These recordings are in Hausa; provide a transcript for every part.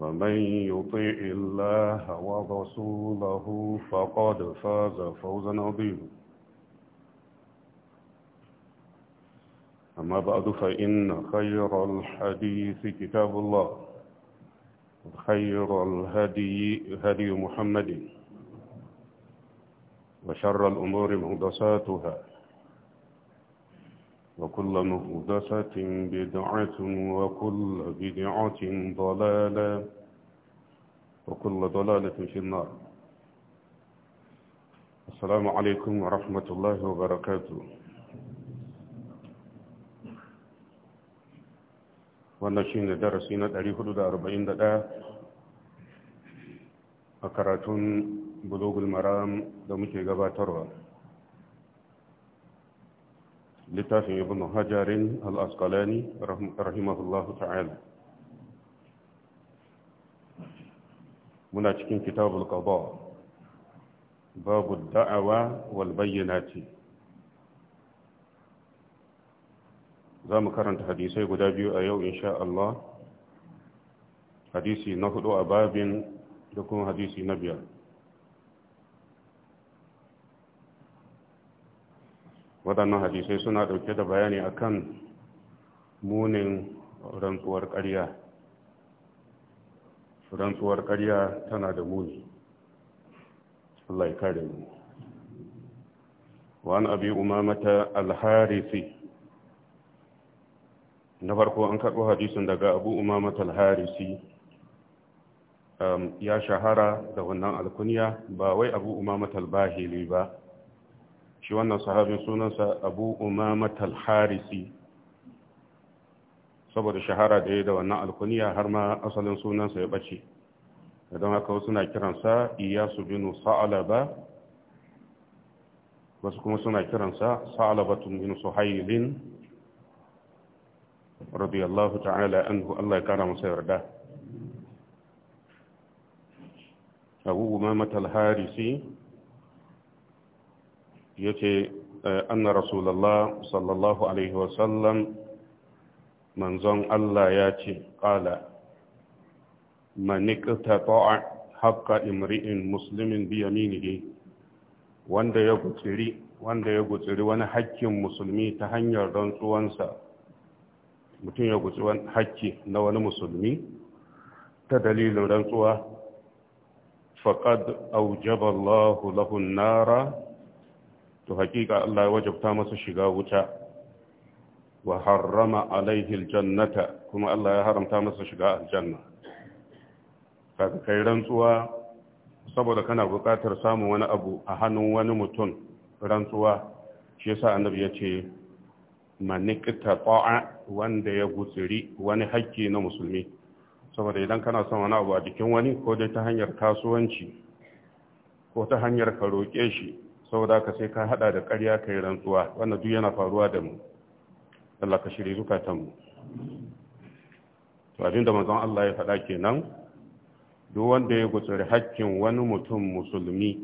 ومن يطيع الله ورسوله فقد فاز فوزا عظيما أما بعد فإن خير الحديث كتاب الله وخير الهدي هدي محمد وشر الأمور مهدساتها وكل مهدسة بدعة وكل بدعة ضلالة وكل ضلالة في النار السلام عليكم ورحمة الله وبركاته wannan shi ne darasi na 441 a karatun bulogul maram da muke gabatarwa littafin ibn hajarin al'askalani rahimahullahu ta'ala muna cikin kitabul qada babu da'awa wal ce. za mu karanta hadisai guda biyu a yau insha Allah hadisi na hudu a babin da kuma hadisi na biyar waɗannan hadisai suna ɗauke da bayani a kan munin rantsuwar ƙarya rantsuwar ƙarya tana da muni Allah ya kare mu wa abi umamata al na farko an karɓo hadisun daga abu umamata al ya shahara da wannan alkuniya ba wai abu umamata albahili ba shi wannan sahabin sunansa abu umamat harisi saboda shahara da ya da wannan alkuniya har ma asalin sunansa ya bace don haka wasu na kiransa iyasu binu sa'alaba wasu kuma suna kiransa sa'alabatun binu suhailin radiyallahu ta'ala anhu Allah ya kara masa yarda abu umamat harisi yace anna rasulallah sallallahu alaihi wasallam manzon Allah ya ce qala man iqtata'a haqqa imri'in muslimin bi yaminihi wanda ya gutsiri wanda ya gutsiri wani haƙƙin musulmi ta hanyar rantsuwansa mutum ya gutsi wani haƙƙi na wani musulmi ta dalilin rantsuwa faqad aujaba Allahu lahu an-nara to hakika Allah ya wajabta masa shiga wuta wa harrama alaihi aljannata kuma Allah ya haramta masa shiga aljanna kaga kai rantsuwa saboda kana buƙatar samun wani abu a hannun wani mutum rantsuwa shi yasa annabi ya ce manikta ta'a wanda ya gutsiri wani hakki na musulmi saboda idan kana son wani abu a jikin wani ko dai ta hanyar kasuwanci ko ta hanyar ka roƙe shi saboda ka sai ka hada da ƙarya kai rantsuwa wannan duk yana faruwa da mu Allah ka shirye zukatan mu to abinda manzon Allah ya faɗa kenan duk wanda ya gutsuri hakkin wani mutum musulmi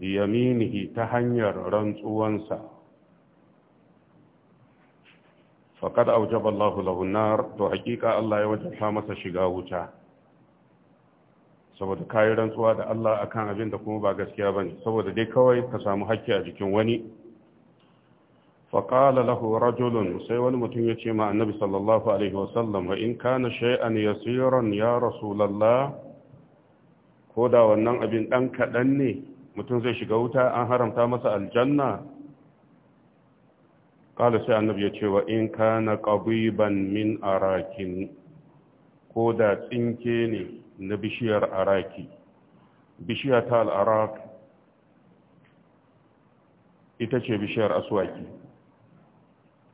bi yaminihi ta hanyar rantsuwansa faqad awjaba Allahu lahu an-nar to hakika Allah ya wajaba masa shiga wuta saboda kayi rantsuwa da Allah akan abin da kuma ba gaskiya bane saboda dai kawai ka samu hakki a jikin wani فقال له رجل سيوان متنيتي مع النبي صلى الله عليه وسلم وإن كان شيئا يسيرا يا رسول Ko da wannan abin dan kadan ne mutum zai shiga wuta an haramta masa aljanna kala sai annabi ya ce wa in kana qabiban min arakin koda tsinke ne na bishiyar araki bishiya ta al'arak ita ce bishiyar aswaki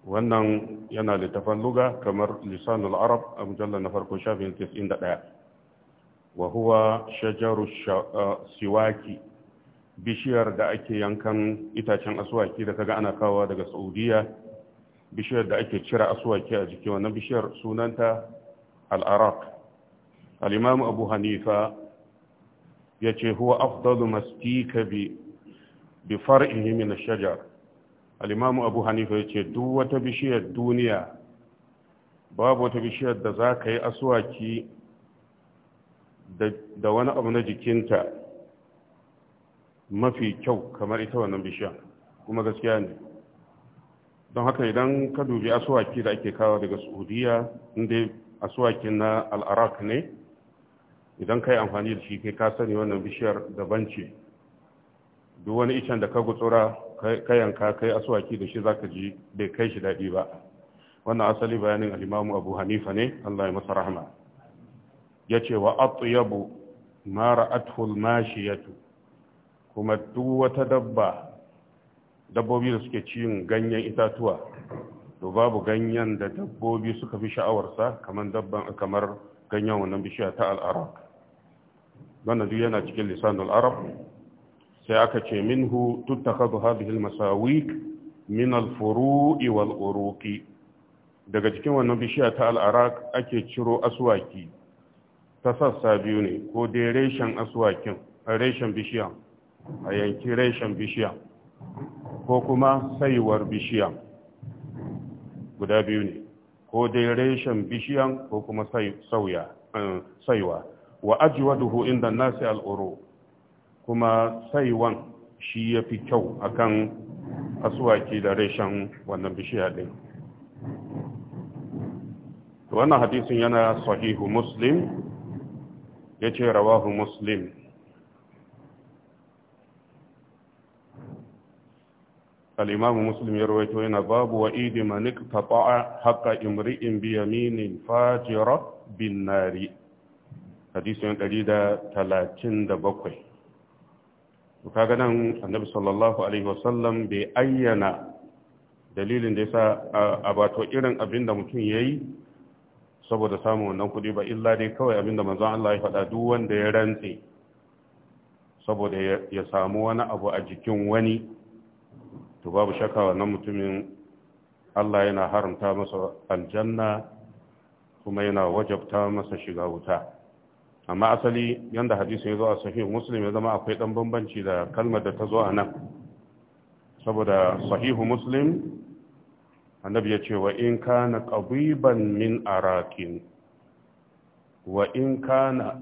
wannan yana littafan luga kamar lisanul arab a mujallar na farko shafin 91 wa huwa shajaru uh, siwaki bishiyar da ake yankan itacen aswaki da kaga ana kawo daga saudiya bishiyar da ake cira aswaki a jiki wannan bishiyar sunanta al al'arak al abu hanifa yace huwa afdalu mastika bi bi far'ihi min ash-shajar al abu hanifa yace duk wata bishiyar duniya babu wata bishiyar da za ka yi asuwaki da wani abu na jikinta mafi kyau kamar ita wannan bishiya? kuma gaskiya ne don haka idan ka dubi asuwaki da ake kawo daga saudiya inda asuwaki na al'arak ne idan ka yi amfani da shi kai ka sani wannan bishiyar daban ce duk wani icen da ka gutsura ka yanka kai aswaki da shi zaka ji bai kai shi daɗi ba wannan asali bayanin al-Imam Abu Hanifa ne Allah ya masa rahma yace wa atyabu ma ra'athu al-mashiyatu kuma duk wata dabba dabbobi da suke cin ganyen itatuwa to babu ganyen da dabbobi suka fi sha'awarsa kamar dabban kamar ganyen wannan bishiya ta al'arak wannan duk yana cikin lisanul arab sai aka ce minhu tuttakhadhu hadhihi al min alfuru'i waluruqi daga cikin wannan bishiya ta al-araq ake ciro aswaki ta sassa biyu ne ko dai reshen aswakin reshen bishiya a yanki reshen bishiya ko kuma saiwar bishiya guda biyu ne ko dai reshen bishiyan ko kuma eh, saiwa wa ajwaduhu inda nasi al'uru kuma saiwan shi ya fi kyau akan asuwaki da reshen wannan bishiya ɗin wannan hadisin yana sahihu muslim ya ce rawahu muslim al'imamu muslim ya rawaito yana babu wa idi manik taɓa haka imri'in minin fajira bin nari hadisin 137 to kaga nan annabi sallallahu alaihi wasallam bai ayyana dalilin da yasa a bato irin abinda mutum mutum yayi saboda samun wannan kuɗi ba illa dai kawai abinda manzon Allah ya faɗa duk wanda ya rantse saboda ya samu wani abu a jikin wani to babu shakka wannan mutumin Allah yana haramta masa aljanna kuma yana wajabta masa shiga wuta amma asali yanda hadisi ya zo a sahih muslim ya zama akwai dan bambanci da kalmar da ta zo a nan saboda sahihu muslim annabi ya ce wa in kana qabiban min arakin wa in kana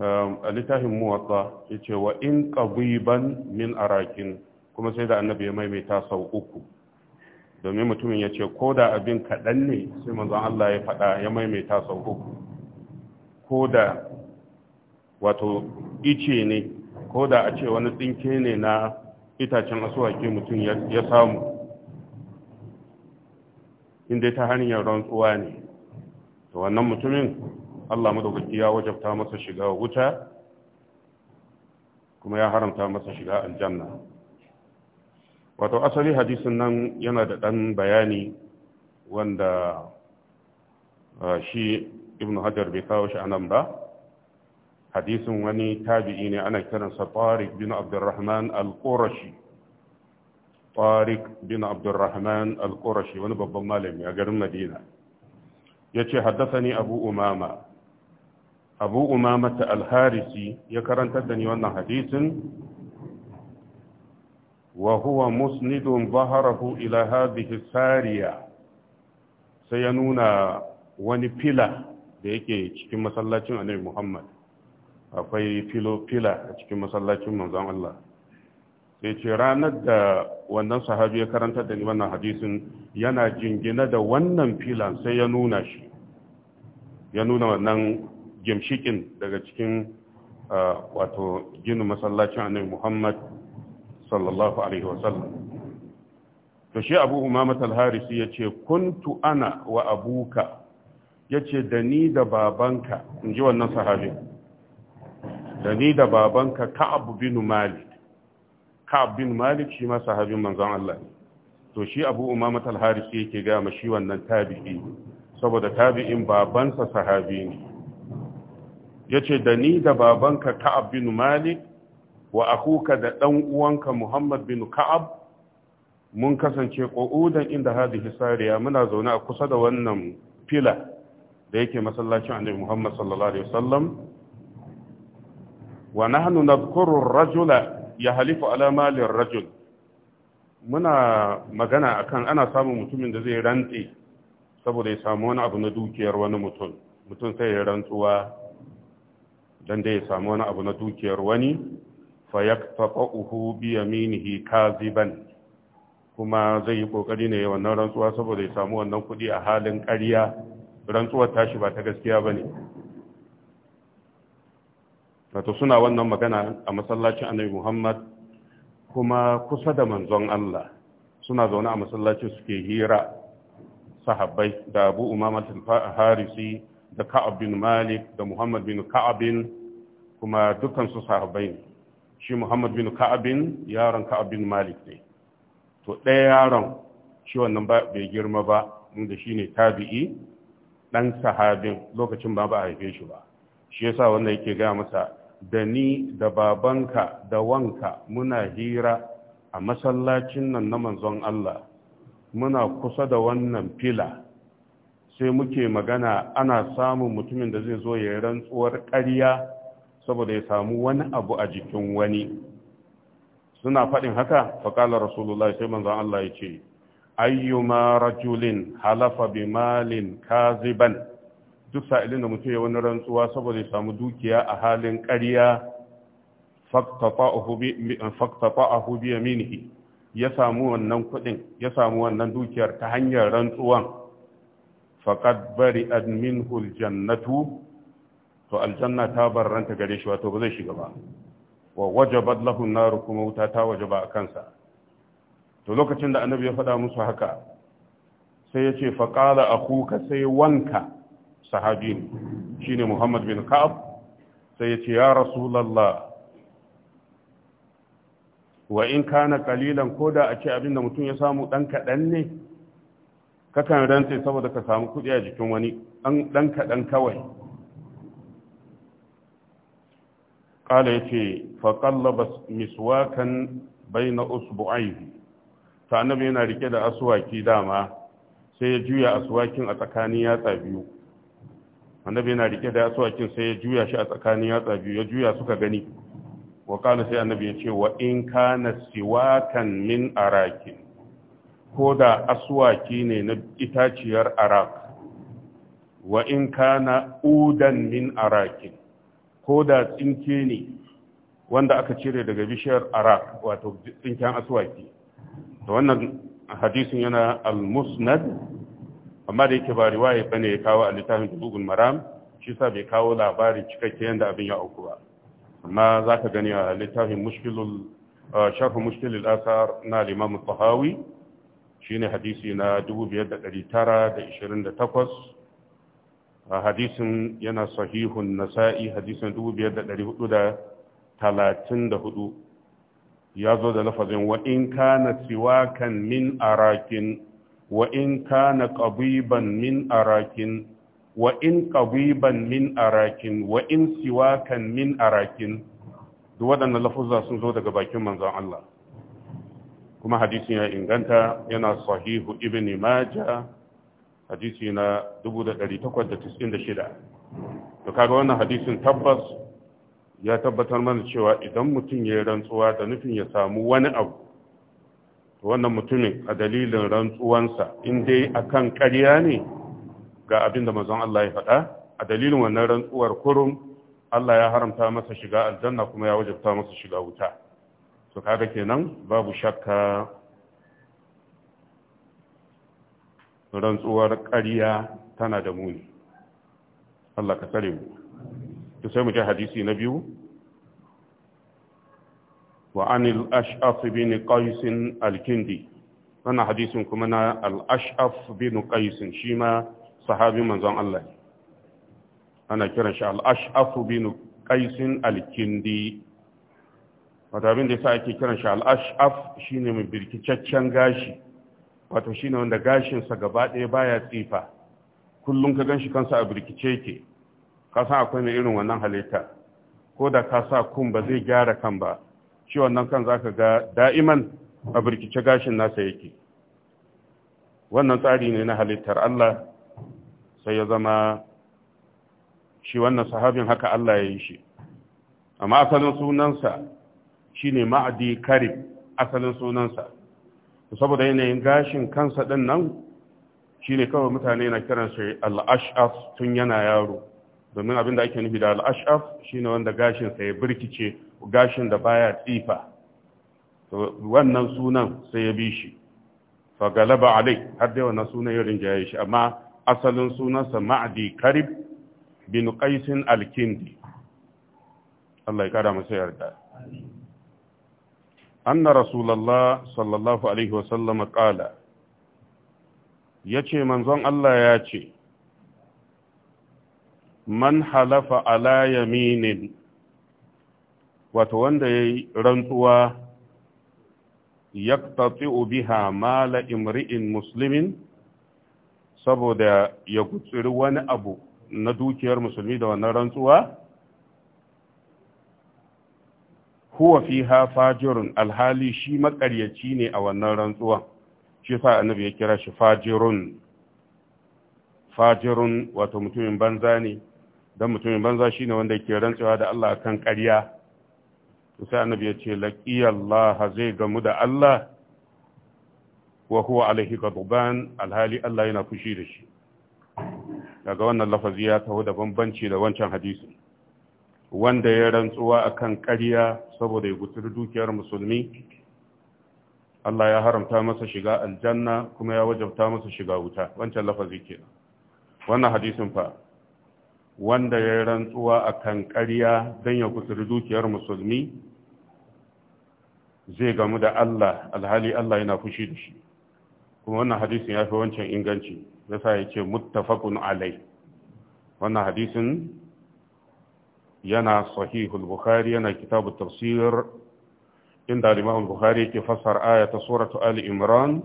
eh, a littafin muwatsa ya ce wa in qabiban min arakin kuma sai da annabi ya maimaita sau uku domin mutumin ya ce ko da abin kaɗan ne sai manzon Allah ya faɗa ya maimaita sau uku ko da wato ice ne ko da a ce wani tsinke ne na itacen asuwake mutum ya samu inda ta hanyar rantsuwa ne to wannan mutumin Allah madaukaki ya wajabta masa shiga wuta kuma ya haramta masa shiga aljanna wato asali hadisin nan yana da ɗan bayani wanda uh, shi Ibnu hajar bai kawo shi nan ba hadisin wani tabi'i ne ana kiransa tariq bin abdurrahman al-qurashi tariq bin abdurrahman al-qurashi wani babban malami a garin madina yace haddathani abu umama abu umama ta al-harisi ya karanta da ni wannan hadisin وهو مسند ظهره Sai ya nuna wani fila da yake cikin masallacin annabi Muhammad akwai filo, fila a cikin masallacin manzon Allah sai ce ranar da wannan sahabi ya karanta da wannan hadisin yana jingina da wannan filan sai ya nuna shi ya nuna wannan gimshikin daga cikin wato ginin masallacin annabi Muhammad sallallahu alaihi wasallam to shi abu umama Harisi ya ce kuntu ana wa abuka ya ce da ni da babanka in ji wannan sahabin da ni da babanka ka'ab bin malik bin malik shi ma sahabin manzan Allah to shi abu umama Talhari shi yake ga mashi shi wannan tabi'i saboda tabi'in babansa sahabi ne Ya ce da ni da babanka ka'ab bin malik wa akuka da dan uwanka muhammad bin ka'ab mun kasance qu'udan inda hadi sariya muna zaune a kusa da wannan fila da yake masallacin annabi Muhammad sallallahu alaihi wasallam wa nahnu nadhkuru ar-rajula yahlifu ala mali ar-rajul muna magana akan ana samun mutumin da zai rantsi saboda ya samu wani abu na dukiyar wani mutum mutum sai ya rantsuwa dan ya samu wani abu na dukiyar wani fa yaqta'uhu bi yaminihi kaziban kuma zai yi kokari ne wannan rantsuwa saboda ya samu wannan kudi a halin ƙarya rantsuwar tashi ba ta gaskiya ba ne wato suna wannan magana a masallacin annabi muhammad kuma kusa da manzon allah suna zaune a masallacin suke hira sahabbai da abu umama harisi da ka'ab bin malik da muhammad bin ka'abin kuma dukansu sahabbai ne shi muhammad bin ka'abin yaron ka'ab bin malik ne to ɗaya yaron shi wannan bai girma ba inda shi ne tabi'i ɗan sahabin lokacin ba ba a haife shi ba shi yasa wanda yake ga masa da ni da babanka da wanka muna hira a masallacin nan na manzon Allah muna kusa da wannan fila sai muke magana ana samun mutumin da zai zo ya rantsuwar ƙarya saboda ya samu wani abu a jikin wani suna faɗin haka faƙalar rasulullah sai manzon Allah ya ce ayyuma rajulin halafa bi malin kaziban duk sa'ilin da mutum ya wani rantsuwa saboda ya samu dukiya a halin ƙarya faktata'ahu bi yaminihi ya samu wannan kuɗin ya samu wannan dukiyar ta hanyar rantsuwan faqad bari minhu aljannatu to aljanna ta barranta gare shi wato ba zai shiga ba wa wajabat lahu nar kuma wuta ta wajaba a kansa to lokacin da annabi ya faɗa musu haka sai ya ce faƙala a kuka sai wanka sahabi shi ne muhammad bin ka'ab sai ya ce ya rasulallah wa in kana kalilan ko da a ce abin da mutum ya samu ɗan kaɗan ne kakan rantse saboda ka samu kuɗi a jikin wani ɗan kaɗan kawai ƙala ya ce faƙallaba miswakan bai na usbu'aihi ta annabi yana rike da aswaki dama sai ya juya aswakin a tsakanin yatsa biyu annabi yana rike da aswakin sai ya juya shi a tsakanin yatsa biyu ya juya suka gani wa kana sai annabi ya ce wa in kana siwakan min arakin ko da aswaki ne na itaciyar arak wa in kana udan min arakin ko da tsinke ne wanda aka cire daga bishiyar arak wato tsinken aswaki da wannan hadisin yana al-musnad amma da yake ba riwaya bane ya kawo a littafin bugul maram shi sa bai kawo labarin cikakke yanda abin ya auku ba amma zaka gani a littafin mushkilul sharh mushkilul asar na al-imam tahawi shine hadisi na 5928 hadisin yana sahihun nasa'i hadisin 5434 ya zo da lafazin wa in kana siwakan min arakin wa in kana qabiban min arakin wa in min arakin wa siwakan min arakin duk waɗannan lafuzza sun zo daga bakin manzon Allah kuma hadisi ya inganta yana sahihu ibn majah hadisi na 1896 to kaga wannan hadisin tabbas ya tabbatar mana cewa idan mutum ya yi rantsuwa da nufin ya samu wani abu wannan mutumin a dalilin rantsuwansa in dai akan ƙarya ne ga abin da mazan Allah ya faɗa a dalilin wannan rantsuwar kurum Allah ya haramta masa shiga aljanna kuma ya wajabta masa shiga wuta To kaga kenan babu shakka rantsuwar ƙarya tana da muni Allah ka tsare mu to sai mu ji hadisi na biyu wa anil ash'af bin qais al-kindi wannan hadisin kuma na al-ash'af bin qais shi ma sahabi manzon Allah ana kiran shi al-ash'af bin qais al-kindi wato abin da yasa ake kiran shi al-ash'af shine mai birkicaccen gashi wato shine wanda gashin sa gaba ɗaya baya tsifa kullum ka ganshi kansa a birkice yake ka san akwai mai irin wannan halitta ko da ka sa kun ba zai gyara kan ba shi wannan kan za ka ga da'iman a birkice gashin nasa yake wannan tsari ne na halittar Allah sai ya zama shi wannan sahabin haka Allah ya yi shi amma asalin sunansa shi ne ma'adi karib asalin sunansa saboda yanayin gashin kansa din nan shine kawai mutane na kiransa shi al-ash'af tun yana yaro domin abin da ake nufi da al'ashaf shine wanda gashinsa ya birkice gashin da baya tsifa wannan sunan sai ya bi shi fa galaba alai har dai wannan sunan ya rinjaye shi amma asalin sunansa ma'adi karib bin Kaisin Alkindi. Allah ya kara masa yarda anna rasulullah sallallahu alaihi wa sallam qala yace manzon Allah ya ce man halafa ala yaminin wato wanda ya yi rantsuwa ya biha mala imri'in muslimin saboda ya gutsiri wani abu na dukiyar musulmi da wannan rantsuwa huwa fiha fajirun alhali shi makaryaci ne a wannan rantsuwa shi sa annabi ya kira shi fajirun fajirun wato mutumin banza ne don mutumin banza shi wanda ke rantsuwa da Allah kan ƙarya to sai annabi ya ce laqiyallaha zai gamu da Allah wa huwa alaihi ghadban alhali Allah yana fushi da shi daga wannan lafazi ya taho da bambanci da wancan hadisi wanda ya rantsuwa akan ƙarya saboda ya guturi dukiyar musulmi Allah ya haramta masa shiga aljanna kuma ya wajabta masa shiga wuta wancan lafazi kenan wannan hadisin fa wanda ya rantsuwa a kan ƙarya don ya kusuri dukiyar musulmi zai gamu da Allah alhali Allah yana fushi da shi kuma wannan hadisin ya fi wancan inganci yasa ya ce muttafaqun alai wannan hadisin yana sahihul bukhari yana kitabu tafsir inda al-imam bukhari yake fassar ta suratu ali imran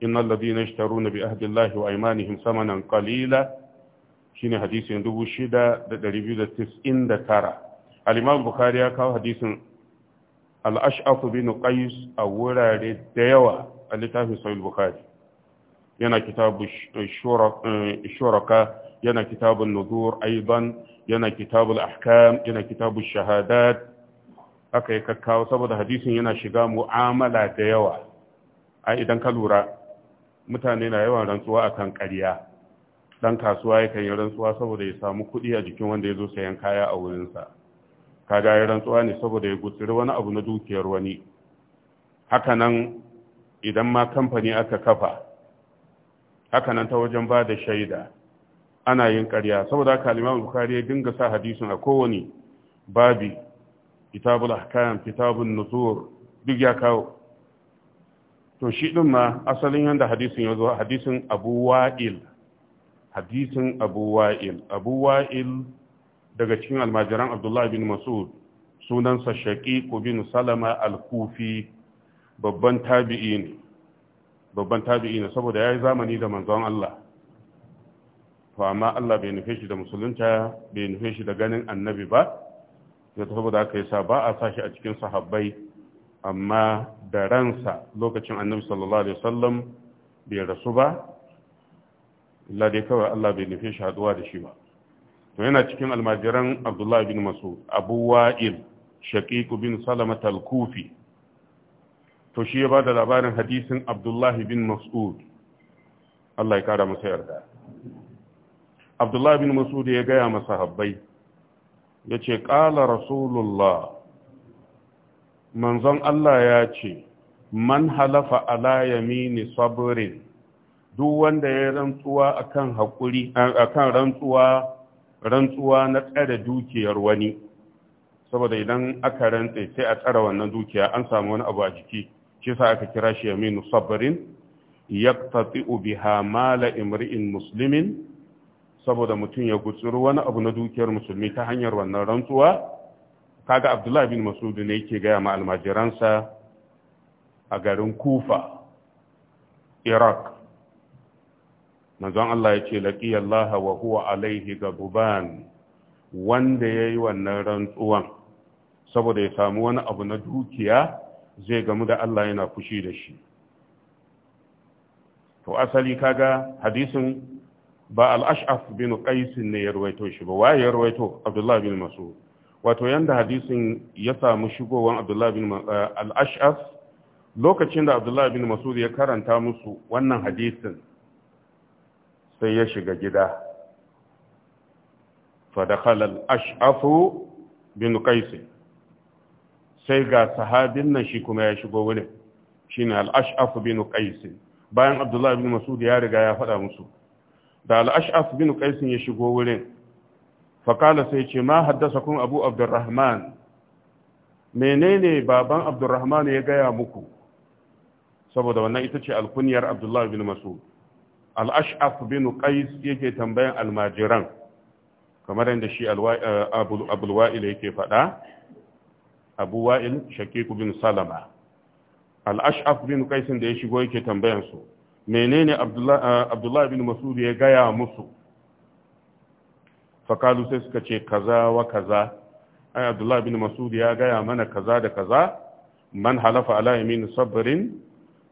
innal ladina yashtaruna bi ahdillahi wa aymanihim samanan qalila shine hadisin 6299 al-imam bukhari ya kawo hadisin al-ash'af bin qais a wurare da yawa a littafin sahih bukhari yana kitabu shuraka eh, yana kitabun nuzur aiban yana kitabul ahkam yana kitabul shahadat aka yi kakkawo saboda hadisin yana shiga mu'amala da yawa ai idan ka lura mutane na yawan rantsuwa akan ƙarya dan kasuwa yakan yi rantsuwa saboda ya samu kuɗi a jikin wanda ya zo sayan kaya a wurinsa kaga ya rantsuwa ne saboda ya gutsiri wani abu na dukiyar wani Haka nan, idan ma kamfani aka kafa Haka nan, ta wajen ba da shaida ana yin ƙarya saboda haka al-Imam ya dinga sa hadisin a kowane babi kitabul ahkam kitabun nuzur duk ya kawo to shi din ma asalin yanda hadisin ya zo hadisin Abu Wa'il hadisin abu wa'il abu wa'il daga cikin almajiran abdullahi bin masud sunansa shaƙiƙu bin salama al-kufi babban tabi'i ne babban tabi'i ne saboda ya yi zamani da manzon Allah to amma Allah bai nufe shi da musulunta bai nufe shi da ganin annabi ba ya saboda aka yi sa ba a sashi a cikin sahabbai amma da ransa lokacin annabi sallallahu alaihi wasallam bai rasu ba illa dai kawai Allah bai nufe shi haduwa da shi ba to yana cikin almajiran Abdullah bin Mas'ud Abu Wa'il Shaqiq bin Salama al-Kufi to shi ya ba da labarin hadisin Abdullah bin Mas'ud Allah ya kara masa yarda Abdullah bin Mas'ud ya gaya masa habbai ya ce ƙala Rasulullah manzon Allah ya ce man halafa ala yamini sabrin duk wanda ya rantsuwa akan hakuri akan rantsuwa rantsuwa na tsare dukiyar wani saboda idan aka rantse sai a tsara wannan dukiya an samu wani abu a jiki shi yasa aka kira shi yaminu sabrin yaqtati'u biha mala imri'in muslimin saboda mutum ya gutsuru wani abu na dukiyar musulmi ta hanyar wannan rantsuwa kaga abdullahi bin masud ne yake gaya ma almajiransa a garin kufa iraq manzon Allah ya ce laqiyallaha wa huwa alaihi gaduban wanda yayi wannan rantsuwan saboda ya samu wani abu na dukiya zai gamu da Allah yana fushi da shi to asali kaga hadisin ba al-ash'af bin qais ne ya ruwaito shi ba waye ya ruwaito Abdullah bin Mas'ud wato yanda hadisin ya samu shigowan Abdullah bin al-ash'af lokacin da Abdullah bin Mas'ud ya karanta musu wannan hadisin sai ya shiga gida fadakhala al-ash'afu bin Kaisi sai ga sahabin nan shi kuma ya shigo wurin shine al-ash'afu bin Kaisi bayan abdullahi bin mas'ud ya riga ya faɗa musu da al-ash'af bin Kaisi ya shigo wurin fakala sai ce ma haddasa kun abu abdurrahman menene baban abdurrahman ya gaya muku saboda wannan ita ce alkuniyar abdullahi bin Masu. al-ash'af bin qais yake tambayan almajiran kamar yadda shi eh, abul yake faɗa abu wa'il shakiku bin salama al-ash'af bin qais da ya shigo yake tambayansu. Mene ne abdullahi eh, bin masud ya gaya musu fakalu sai suka ce kaza wa kaza ai abdullahi bin masud ya gaya mana kaza da kaza man halafa ala yamin sabrin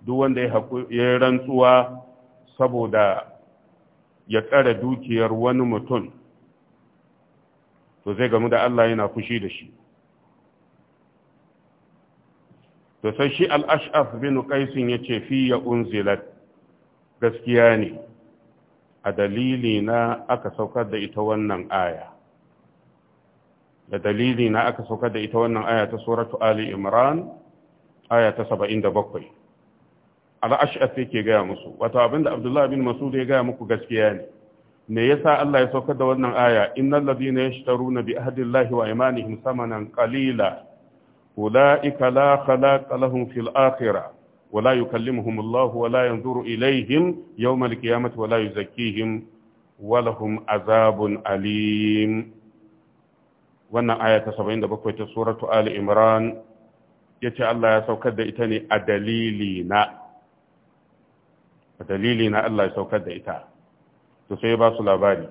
duk wanda ya rantsuwa saboda ya ƙara dukiyar wani mutum to zai gamu da Allah yana fushi da shi to sai shi al-ash'af ƙaisin ya ce fi ya unzilat gaskiya ne a dalili na aka saukar da ita wannan aya da dalili na aka saukar da ita wannan aya ta suratu ali imran aya ta bakwai. al'ash'af yake gaya musu wata abin da abdullahi bin Masudu ya gaya muku gaskiya ne me yasa Allah ya saukar da wannan aya ya ladina yashtaruna bi ahdillahi wa imanihim sama qalila ulaika la khalaqa lahum fil akhirah wa la yukallimuhum Allah wa la yanzuru ilaihim Yau al qiyamati wa la yuzakkihim wa lahum azabun alim wannan aya ta 77 ta suratu ali imran yace Allah ya saukar da ita ne a dalili na dalili na Allah ya saukar da ita to sai ba su labari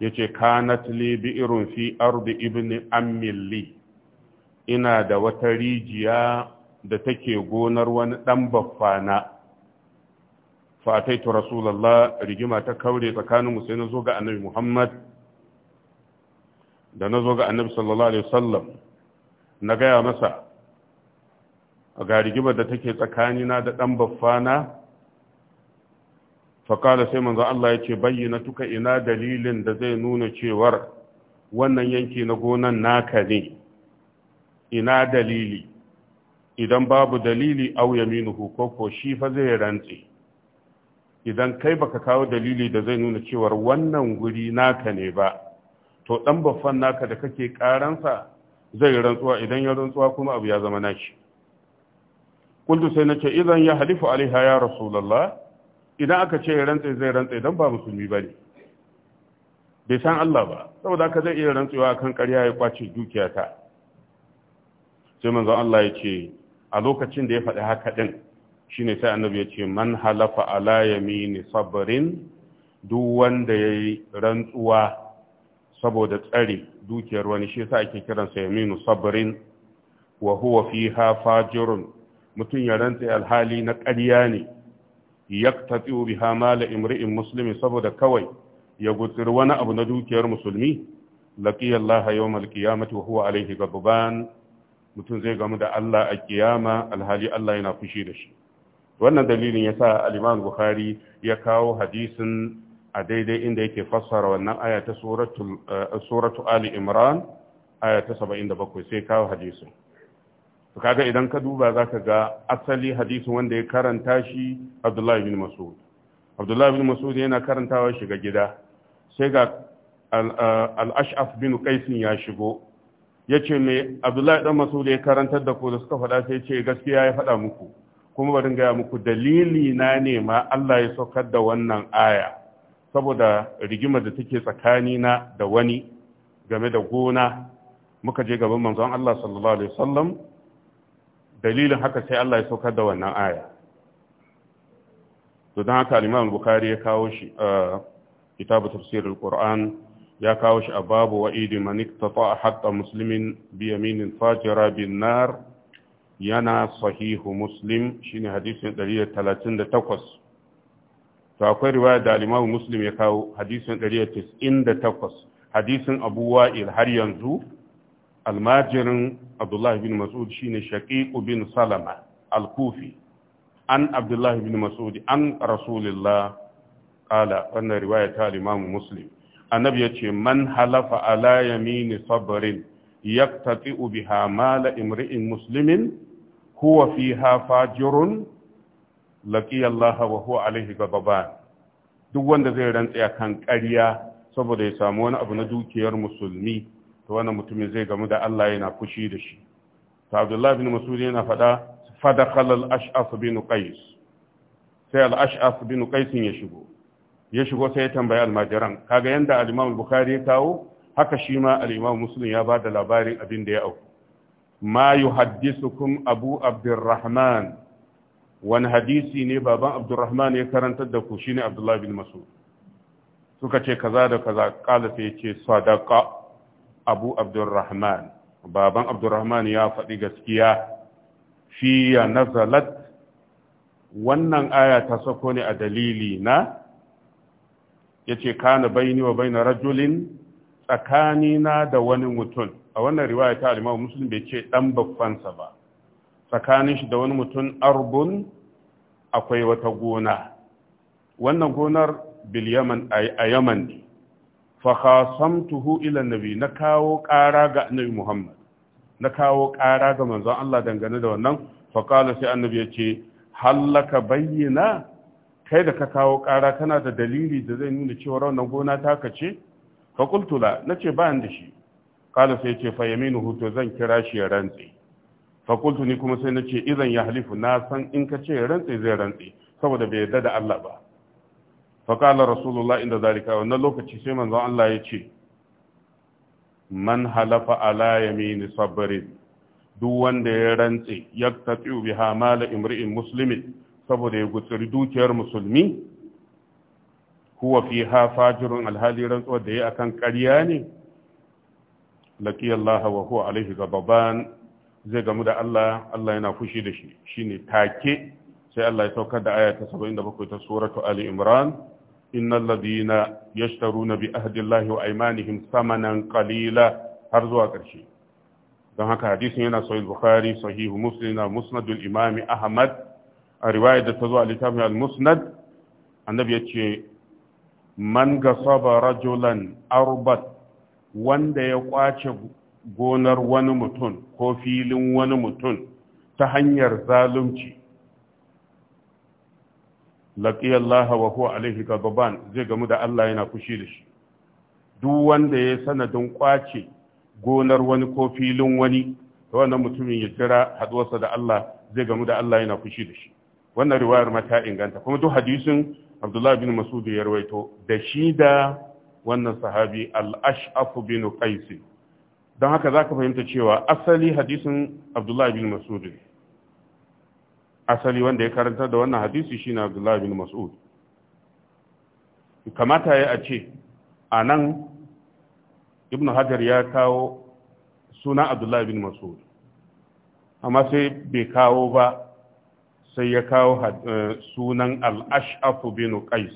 yace kanat li bi'run fi ardi ibni ammi ina da wata rijiya da take gonar wani dan baffana fa ataitu rasulullah rigima ta kaure tsakanin mu sai na zo ga annabi muhammad da na zo ga annabi sallallahu alaihi wasallam na gaya masa ga rigimar da take tsakanina da dan baffana faƙala sai manzo Allah ya ce bayyana tuka ina dalilin da zai nuna cewar wannan yanki na gonan naka ne ina dalili idan babu dalili au yaminuhu ko ko shi fa zai rantse idan kai baka kawo dalili da zai nuna cewar wannan guri naka ne ba to dan baffan naka da kake karansa zai rantsuwa idan ya rantsuwa kuma abu ya zama nashi kullu sai nace idan ya halifu alaiha ya rasulullah idan aka ce ya rantse zai rantse dan ba musulmi ba ne bai san Allah ba saboda haka zai iya rantsewa kan karya ya kwace dukiyata sai manzon Allah ya ce a lokacin da ya faɗi haka ɗin shine sai annabi ya ce man halafa ala yamini sabrin duk wanda ya yi rantsuwa saboda tsare dukiyar wani shi sa ake kiransa yaminu sabrin wa huwa fiha fajirun mutum ya rantse alhali na ƙarya ne yaktafi biha mala imri'in muslimi saboda kawai ya gutsiri wani abu na dukiyar musulmi laqiya Allah yawmal qiyamati wa huwa alayhi ghadban mutum zai gamu da Allah a kiyama alhali Allah yana fushi da shi wannan dalilin yasa al-Imam Bukhari ya kawo hadisin a daidai inda yake fassara wannan aya ta suratu eh, Ali Imran aya ta 77 sai kawo hadisin to kaga idan ka duba za ka ga asali hadisin wanda ya karanta shi Abdullahi bin Mas'ud Abdullahi bin Mas'ud yana karantawa shiga gida sai ga al-Ash'af bin Qais ya shigo yace me Abdullahi dan Mas'ud ya karantar da ku da suka faɗa sai ce gaskiya ya faɗa muku kuma barin gaya muku dalili na ne ma Allah ya saukar da wannan aya saboda rigimar da take tsakanina da wani game da gona muka je gaban manzon Allah sallallahu alaihi wasallam dalilin haka sai Allah ya saukar da wannan aya to don haka al-Imam Bukhari ya kawo shi kitabu tafsirul Qur'an ya kawo shi a babu wa'idi man iktata hatta muslimin bi yaminin fajira bin nar yana sahihu muslim shine hadisin 138 to akwai riwaya da al-Imam Muslim ya kawo hadisin 198 hadisin Abu Wa'il har yanzu almajirin abdullahi bin mas'ud shine shaqiqu bin salama al-kufi an abdullahi bin mas'ud an rasulillah qala wannan riwaya ta imamu muslim annabi yace man halafa ala yamini sabrin yaqtati'u biha mala imri'in muslimin huwa fiha fajirun laqiya wa huwa alaihi ghadaban duk wanda zai rantsa kan ƙarya saboda ya samu wani abu na dukiyar musulmi to wannan mutumin zai gamu da Allah yana kushi da shi to Abdullahi bin Mas'ud yana faɗa fadakhala al-Ash'ath bin Qais sai al-Ash'ath bin Qais ya shigo ya shigo sai ya tambayi almajiran kaga yanda al-Imam Bukhari ya kawo haka shi ma al-Imam Muslim ya bada labarin abin da ya auku ma yuhaddisukum Abu Abdurrahman wani hadisi ne baban Abdurrahman ya karantar da ku shine Abdullah bin Mas'ud suka ce kaza da kaza kala sai ya ce sadaqa abu abdurrahman baban abdurrahman ya faɗi gaskiya fi ya nazalat wannan aya ta sako ne a dalili na ya ce kana baini wa baina rajulin tsakanina da wani mutum a wannan riwaya ta alimawa musulun bai ce ɗan babbansa ba tsakanin shi da wani mutum arbun akwai wata gona wannan gonar bilyaman a yaman ne fa الى النبي nabi na kawo ƙara ga annabi Muhammad na kawo ƙara ga manzon Allah dangane da wannan fa سي النبي annabi هل لك بينا bayyana kai da ka kawo ƙara kana da dalili da zai nuna cewa wannan gona taka ce fa qultu la nace ba da shi qala sai ce fa yaminuhu to zan kira shi ya rantse fa qultu ni kuma sai nace idan ya halifu na san in ka ce ya rantse zai rantse saboda bai yarda da Allah ba faƙala rasulullah inda zalika wannan lokaci sai manzon Allah ya ce man halafa ala yamini sabrin duk wanda ya rantse ya tafi biha mala imri'in muslimin saboda ya gutsuri dukiyar musulmi huwa fi ha fajirun alhali rantsuwar da ya akan karya ne laƙi Allah wa huwa alaihi gababan zai gamu da Allah Allah yana fushi da shi shine take sai Allah ya saukar da aya ta 77 ta suratu Ali Imran إن الذين يشترون بأهد الله وأيمانهم ثمنا har zuwa ƙarshe. don haka hadisin yana sahih bukhari sahihu muslim na Imami ahmad a riwayar da ta zo a littafin al-musnad annabi ya ce man gasaba rajulan arbat wanda ya kwace gonar wani mutum ko filin wani mutum ta hanyar zalunci Allah wa huwa alaihi zai gamu da Allah yana fushi da shi duk wanda ya sanadin kwace gonar wani ko filin wani to wannan mutumin ya jira haɗuwarsa da Allah zai gamu da Allah yana fushi da shi wannan riwayar ma ta inganta kuma duk hadisin Abdullah bin Mas'ud ya rawaito da shi da wannan sahabi al-Ash'af bin Qais don haka zaka fahimta cewa asali hadisin Abdullah bin Mas'ud ne asali wanda ya karanta da wannan hadisi shi na Abdullah bin Mas'ud kamata ya a ce a nan ibn hajar ya kawo suna Abdullah bin Mas'ud amma sai bai kawo ba sai ya kawo eh, sunan al bin qais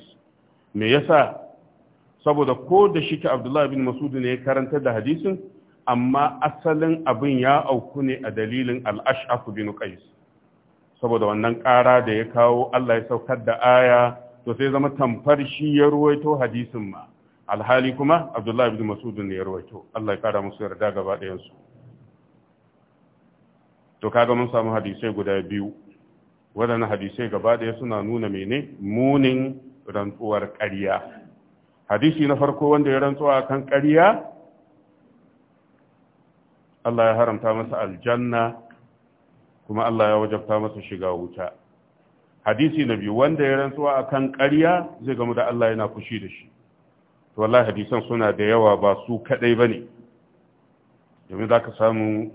me yasa saboda ko da shike Abdullah bin Mas'ud ne ya karanta da hadisin amma asalin abin ya auku ne a dalilin al-ash'afu bin qais saboda wannan ƙara da ya kawo Allah ya saukar da aya to sai zama tamfar shi ya ruwaito hadisin ma alhali kuma Abdullahi ibn Mas'ud ne ya ruwaito Allah ya ƙara musu yarda gaba ɗayan su to kaga mun samu hadisai guda biyu waɗannan hadisai gaba ɗaya suna nuna mene munin rantsuwar ƙarya hadisi na farko wanda ya rantsuwa kan ƙarya Allah ya haramta masa aljanna kuma Allah ya wajabta masa shiga wuta hadisi na biyu wanda ya rantsuwa akan ƙarya zai gamu da Allah yana fushi da shi to wallahi hadisan suna da yawa ba su kadai bane domin zaka samu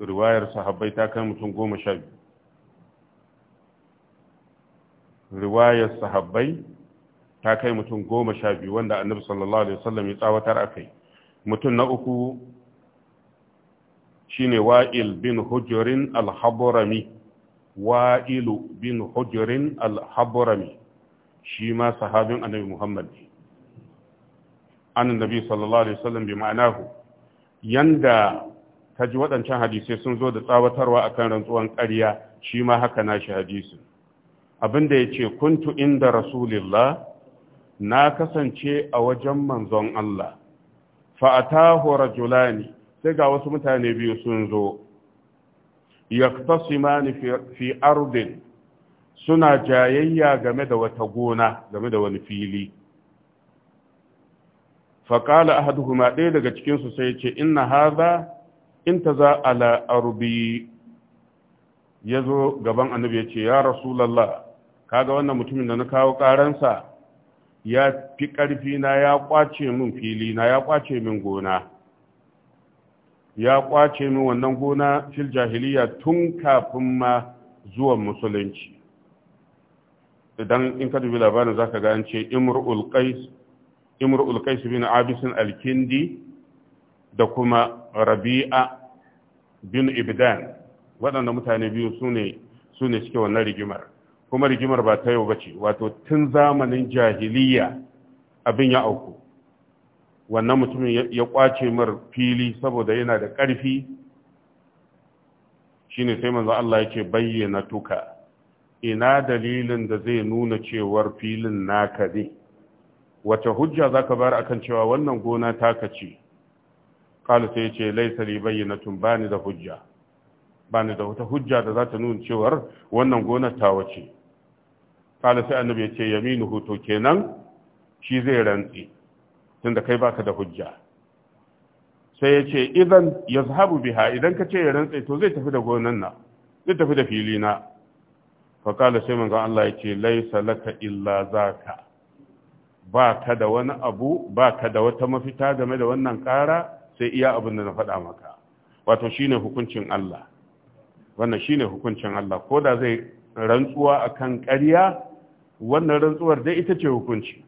riwayar sahabbai ta kai mutum goma sha biyu riwayar sahabbai ta kai mutum goma sha biyu wanda annabi sallallahu alaihi wasallam ya tsawatar a kai mutum na uku shine wa'il bin hujurin al wa'ilu bin hujurin al shi ma sahabin annabi muhammad an sallallahu alaihi wasallam bi ma'anahu yanda ta ji waɗancan hadisai sun zo da tsawatarwa akan rantsuwan ƙarya shi ma haka nashi hadisin abinda ya ce kuntu inda rasulillah na kasance a wajen manzon Allah fa'atahu rajulani sai ga wasu mutane biyu sun zo yaktasimani fi ardin suna jayayya game da wata gona game da wani fili faƙala ahaduhuma ɗaya daga cikinsu sai ce inna haza in ta za ala arbi ya zo gaban annabi ya ce ya rasulallah kaga wannan mutumin da na kawo ƙaransa ya fi ƙarfi na ya ƙwace min fili na ya ƙwace min gona ya kwace min wannan gona fil jahiliya tun kafin ma zuwan musulunci idan in ka dubi labarin zaka ga an ce imrul qais imrul bin abis al-kindi da kuma rabi'a bin ibdan waɗanda mutane biyu sune sune suke wannan rigimar kuma rigimar ba ta yau ce, wato tun zamanin jahiliya abin ya auku wannan mutumin ya kwace mar fili saboda yana da ƙarfi shine sai manzo Allah yake bayyana tuka ina dalilin da zai nuna cewar filin naka ne wace hujja zaka bar akan cewa wannan gona taka ce qala sai yace laysa li bayyinatun bani da hujja bani da wata hujja da za ta nuna cewar wannan gona ta wace qala sai annabi yace yaminuhu to kenan shi zai rantsi tunda kai baka da hujja sai ya ce idan ya zahabu biha idan ka ce ya rantse to zai tafi da gonan na zai tafi da fili na fakala sai manzon Allah ya ce laisa laka illa zaka ba ka da wani abu ba ka da wata mafita game da wannan kara sai iya abin da na faɗa maka wato shine hukuncin Allah wannan shine hukuncin Allah ko da zai rantsuwa akan ƙarya wannan rantsuwar dai ita ce hukunci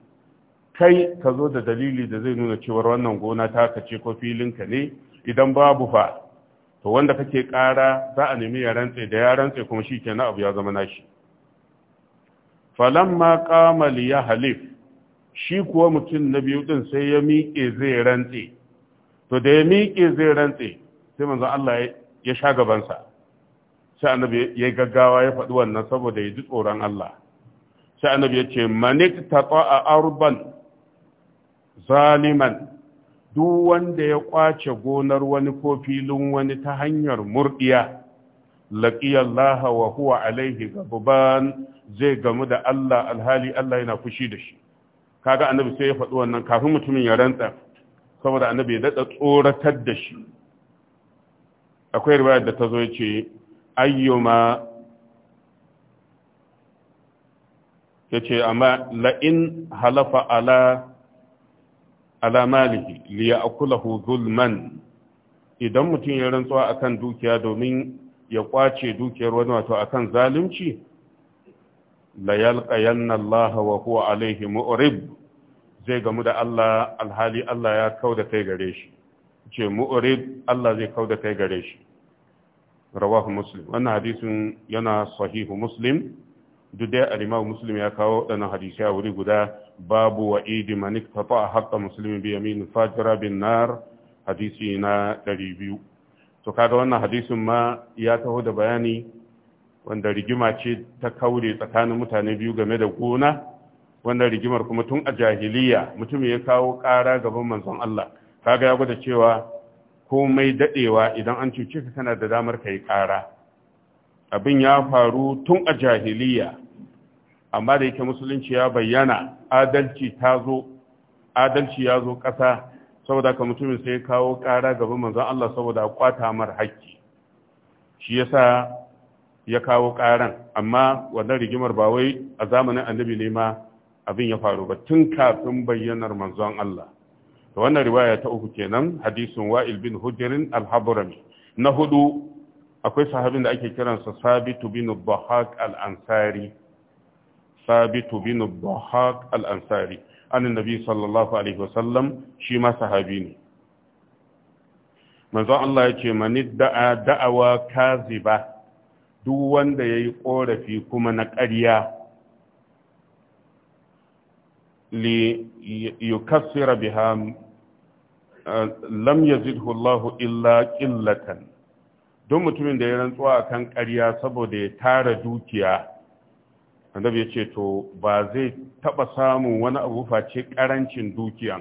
kai ka zo da dalili da zai nuna cewar wannan gona ta ka ce ko filinka ne idan babu fa to wanda kake kara za a nemi ya rantse da ya rantse kuma shi ke abu ya zama nashi falamma kamali ya halif shi kuwa mutum na biyu din sai ya miƙe zai rantse to da ya miƙe zai rantse sai manzon Allah ya sha gabansa sai annabi ya gaggawa ya faɗi wannan saboda ya ji tsoron Allah sai annabi ya ce manik taqa arban zaliman duk wanda ya kwace gonar wani ko filin wani ta hanyar murdiya laqiyallaha wa huwa alaihi ghadban zai gamu da Allah alhali Allah yana fushi da shi kaga annabi sai ya faɗi wannan kafin mutumin ya rantsa saboda annabi ya dada tsoratar da shi akwai riwayar da ta zo ya ayyuma yace ce amma la'in halafa ala ala malihi li ya'kulahu zulman idan mutum ya rantsuwa akan dukiya domin ya kwace dukiyar wani wato akan zalunci la yalqayanna Allah wa huwa alaihi mu'rib zai gamu da Allah alhali Allah ya kauda kai gare shi ce mu'rib Allah zai kauda kai gare shi rawahu muslim wannan hadisin yana sahihu muslim duk dai al Muslim ya kawo waɗannan hadisi a wuri guda babu wa'idi man a haqqa muslimin bi yamin fajira, bin nar hadisi na 200 to kaga wannan hadisin ma ya taho da bayani wanda rigima ce ta kaure tsakanin mutane biyu game da gona wannan rigimar kuma tun a jahiliya mutum ya kawo ƙara gaban manzon Allah kaga ya gwada cewa komai daɗewa idan an cuce ka kana da damar kai ƙara abin ya faru tun a jahiliya amma da yake musulunci ya bayyana adalci ta zo adalci ya zo ƙasa saboda ka mutumin sai kawo ƙara gaban manzon Allah saboda kwata mar haƙƙi shi yasa ya kawo ƙaran amma wannan rigimar ba wai a zamanin annabi ne ma abin ya faru ba tun kafin bayyanar manzon Allah da wannan riwaya ta uku kenan hadisin wa'il bin hujrin al-habrami na hudu akwai sahabin da ake kiransa sabitu bin al-ansari ثابت بن الضحاك الأنصاري عن النبي صلى الله عليه وسلم شيما صحابيني manzon Allah ya ce mani da'a da'awa kaziba duk wanda ya yi ƙorafi kuma na ƙarya li yukassira biha lam yazidhu Allah illa qillatan don mutumin da ya rantsuwa akan ƙarya saboda ya tara dukiya annabi ya ce to ba zai taba samun wani abu face karancin dukiya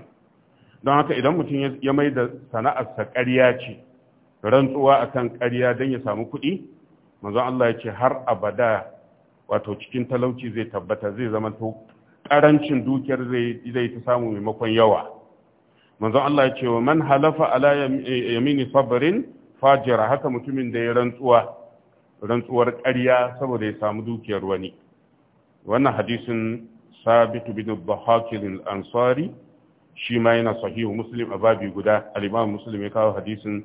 don haka idan mutum ya mai da sana'arsa ƙarya ce rantsuwa akan ƙarya don ya samu kuɗi manzon Allah ya ce har abada wato cikin talauci zai tabbata zai zama to karancin dukiyar zai ta samu maimakon yawa manzon Allah ya ce wa man halafa ala eh, eh, yamini sabrin fajira haka mutumin da ya rantsuwa rantsuwar ƙarya saboda ya samu dukiyar wani wannan hadisin sabitu bin dhahakil al-ansari shi ma yana sahihu muslim a babi guda al-imam muslim ya kawo hadisin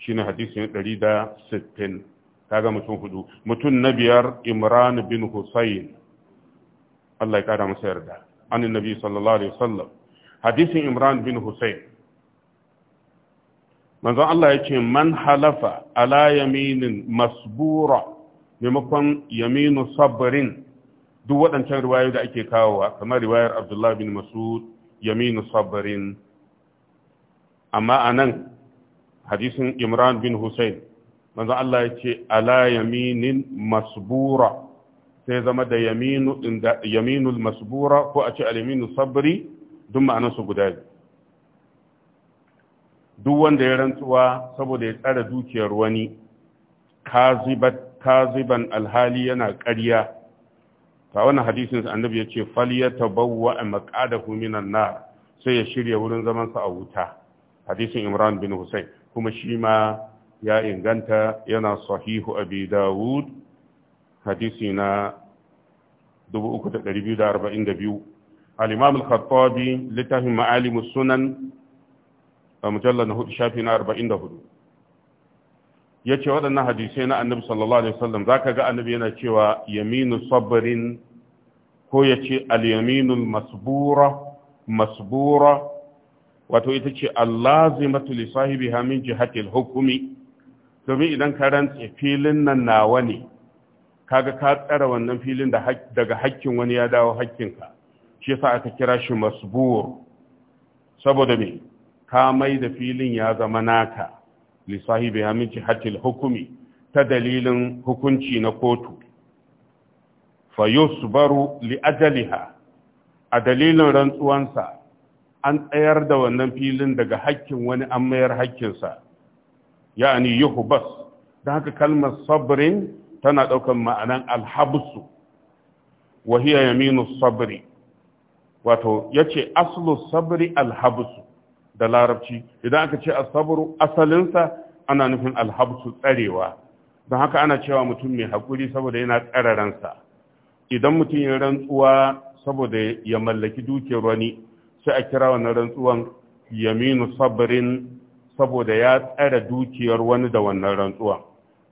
shine hadisin 160 kaga mutum hudu mutum na biyar imran bin husayn Allah ya kara masa yarda an nabi sallallahu alaihi wasallam hadisin imran bin husayn manzon Allah ya ce man halafa ala yaminin masbura maimakon yaminu sabrin duk waɗancan riwayoyi da ake kawowa kamar riwayar abdullahi bin masud yaminu sabarin amma a nan hadisin imran bin hussein manzo Allah ya ce ala yaminin masbura sai zama da yaminu yaminul masbura ko a ce al-yaminu duk ma'anarsu guda biyu duk wanda ya rantsuwa saboda ya tsara dukiyar wani kaziban alhali yana ƙarya fa wannan hadisin annabi ya ce a maqadahu minan nar sai ya shirya wurin zaman sa a wuta hadisin imran bin husayn kuma shi ma ya inganta yana sahihu abi dawud hadisi na 3242 al-imam al-khattabi littafin ma'alimus sunan a mujallar 44 ya ce waɗannan hadisai na annabi sallallahu alaihi wasallam za ka ga annabi yana cewa yaminu sabrin ko ya ce al masbura masbura wato ita ce allazimatu li sahibiha min jihatil hukumi domin idan ka rantse filin nan nawa ne kaga ka tsara wannan filin daga hakkin wani ya dawo hakkinka shi yasa aka kira shi masbur saboda me ka mai da filin ya zama naka li sahibi min jihatil hukumi ta dalilin hukunci na kotu fa yusbaru li ajaliha a dalilin rantsuwansa an tsayar da wannan filin daga hakkin wani an mayar hakkinsa ya'ani Bas. don haka kalmar sabrin tana ɗaukar ma'anan alhabsu wa yaminu sabri wato yace aslu sabri alhabsu da larabci idan aka ce asabru asalinsa ana nufin alhabsu tsarewa don haka ana cewa mutum mai haƙuri saboda yana tsare ransa idan mutum ya rantsuwa saboda ya mallaki dukiyar wani sai a kira wannan rantsuwan yaminu sabrin saboda ya tsare dukiyar wani da wannan rantsuwan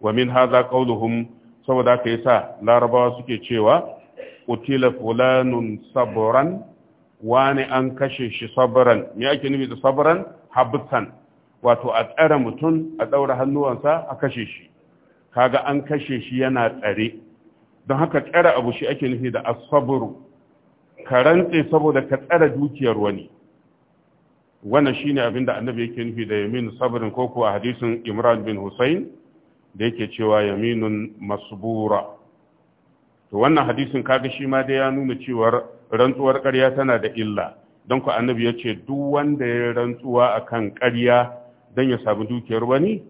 wa min hadha qauluhum saboda haka yasa larabawa suke cewa utila fulanun sabran wani an kashe shi sabran me ake nufi da sabran habtan wato a tsare mutum a daura hannuwansa a kashe shi kaga an kashe shi yana tsare don haka tsare abu shi ake nufi da asabru ka rantse saboda ka tsare dukiyar wani wannan shine abin da annabi yake nufi da yamin sabrin ko kuwa hadisin imran bin husayn da yake cewa yaminun masbura to wannan hadisin kaga shi ma dai ya nuna cewa rantsuwar ƙarya tana da illa don ku annabi ya ce duk wanda ya rantsuwa a kan ƙarya don ya sami dukiyar wani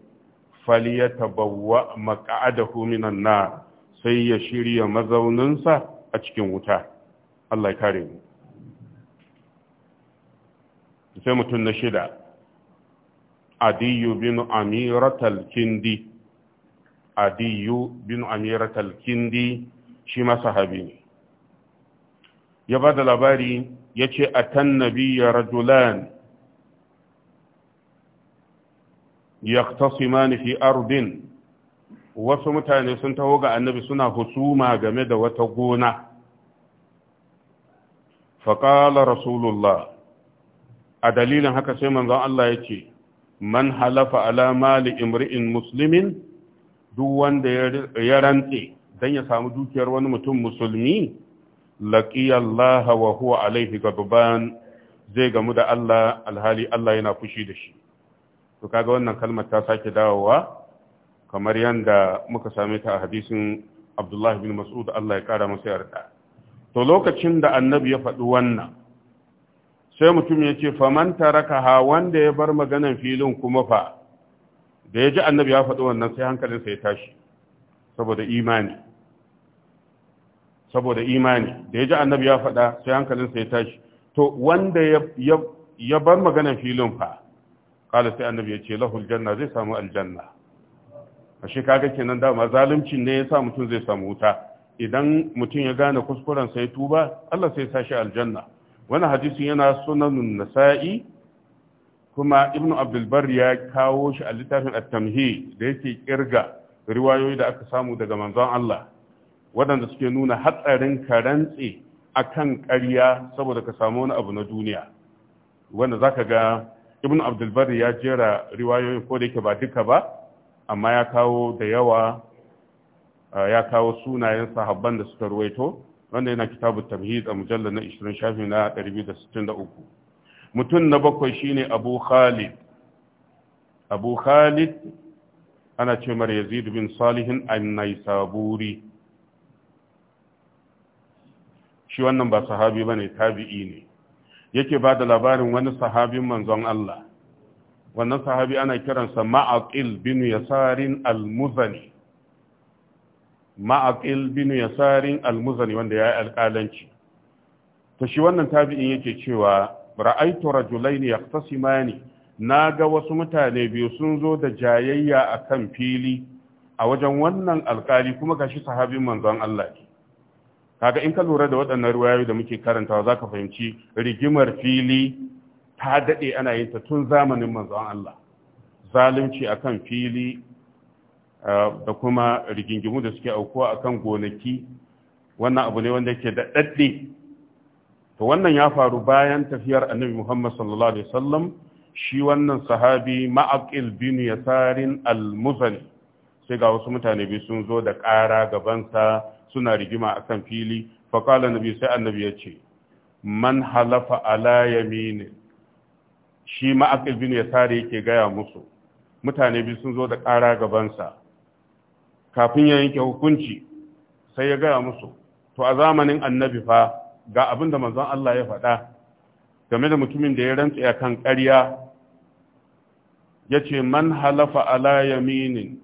falyatabawwa maq'adahu minan na, sai ya shirya mazauninsa a cikin wuta Allah ya kare mu sai mutum na shida adiyu bin amiratal kindi adiyu bin amiratal kindi shi ma sahabi ne ya ba da labari ya ce a tan nabiya rajulan ya fi ardin wasu mutane sun taho ga annabi suna husuma game da wata gona faƙala rasulullah a dalilin haka sai manzon Allah ya ce man halafa ala mali imri'in muslimin duk wanda ya rantse dan ya samu dukiyar wani mutum musulmi laqiyallaha wa huwa alaihi gadban zai gamu da Allah alhali Allah yana fushi da shi to kaga wannan kalmar ta sake dawowa kamar yanda muka same ta a hadisin Abdullah bin Mas'ud Allah ya kara masa yarda to lokacin da annabi ya faɗi wannan sai mutum ya ce faman taraka ha wanda ya bar maganan filin kuma fa da ya ji annabi ya faɗi wannan sai hankalinsa ya tashi saboda imani saboda imani da ya ji annabi ya faɗa sai hankalinsa ya tashi to wanda ya bar maganar filin fa kala sai annabi ya ce lahul janna zai samu aljanna ashe kaga kenan dama zalunci ne ya sa mutum zai samu wuta idan mutum ya gane kuskuren sai tuba Allah sai sashi aljanna wani hadisi yana sunanun nasa'i kuma ibnu abdulbar ya kawo shi a littafin at-tamhi da yake kirga riwayoyi da aka samu daga manzon Allah waɗanda suke nuna hatsarin ka rantse akan ƙarya saboda ka samu wani abu na duniya wanda zaka ga ibn abdulbar ya jera riwayoyin ko da yake ba duka ba amma ya kawo da yawa eh, ya kawo sunayen sahabban da suka ruwaito wanda yana kitabu tamhid a mujallar na 20 shafi na 263 mutum na bakwai shine abu khalid abu khalid ana ce mar yazid bin salihin an naisaburi shi wannan ba sahabi bane tabi'i ne yake ba da labarin wani sahabin manzon Allah wannan sahabi ana kiransa ma'aqil bin yasarin al-muzani ma'aqil bin yasarin al-muzani wanda ya yi alƙalanci to shi wannan tabi'in yake cewa ra'aitu rajulaini Na ga wasu mutane biyu sun zo da jayayya akan fili a wajen wannan alƙali kuma gashi sahabin manzon Allah ne kaga in ka lura da waɗannan ruwayoyi da muke karantawa ka fahimci rigimar fili ta daɗe ana yin ta tun zamanin manzon Allah zalunci akan fili da kuma rigingimu da suke aukuwa akan gonaki wannan abu ne wanda yake da daɗe to wannan ya faru bayan tafiyar Annabi Muhammad sallallahu alaihi wasallam shi wannan sahabi ma'aqil bin yasarin al-muzani sai ga wasu mutane biyu sun zo da ƙara gabansa suna rigima a kan fili faƙala nabi sai annabi ya ce man halafa ala shi ma'aqil bin yasari yake gaya musu mutane biyu sun zo da ƙara gabansa kafin ya yanke hukunci sai ya gaya musu to a zamanin annabi fa ga abinda da manzon Allah ya faɗa game da mutumin da ya rantsa kan ƙarya ya ce man halafa ala yaminin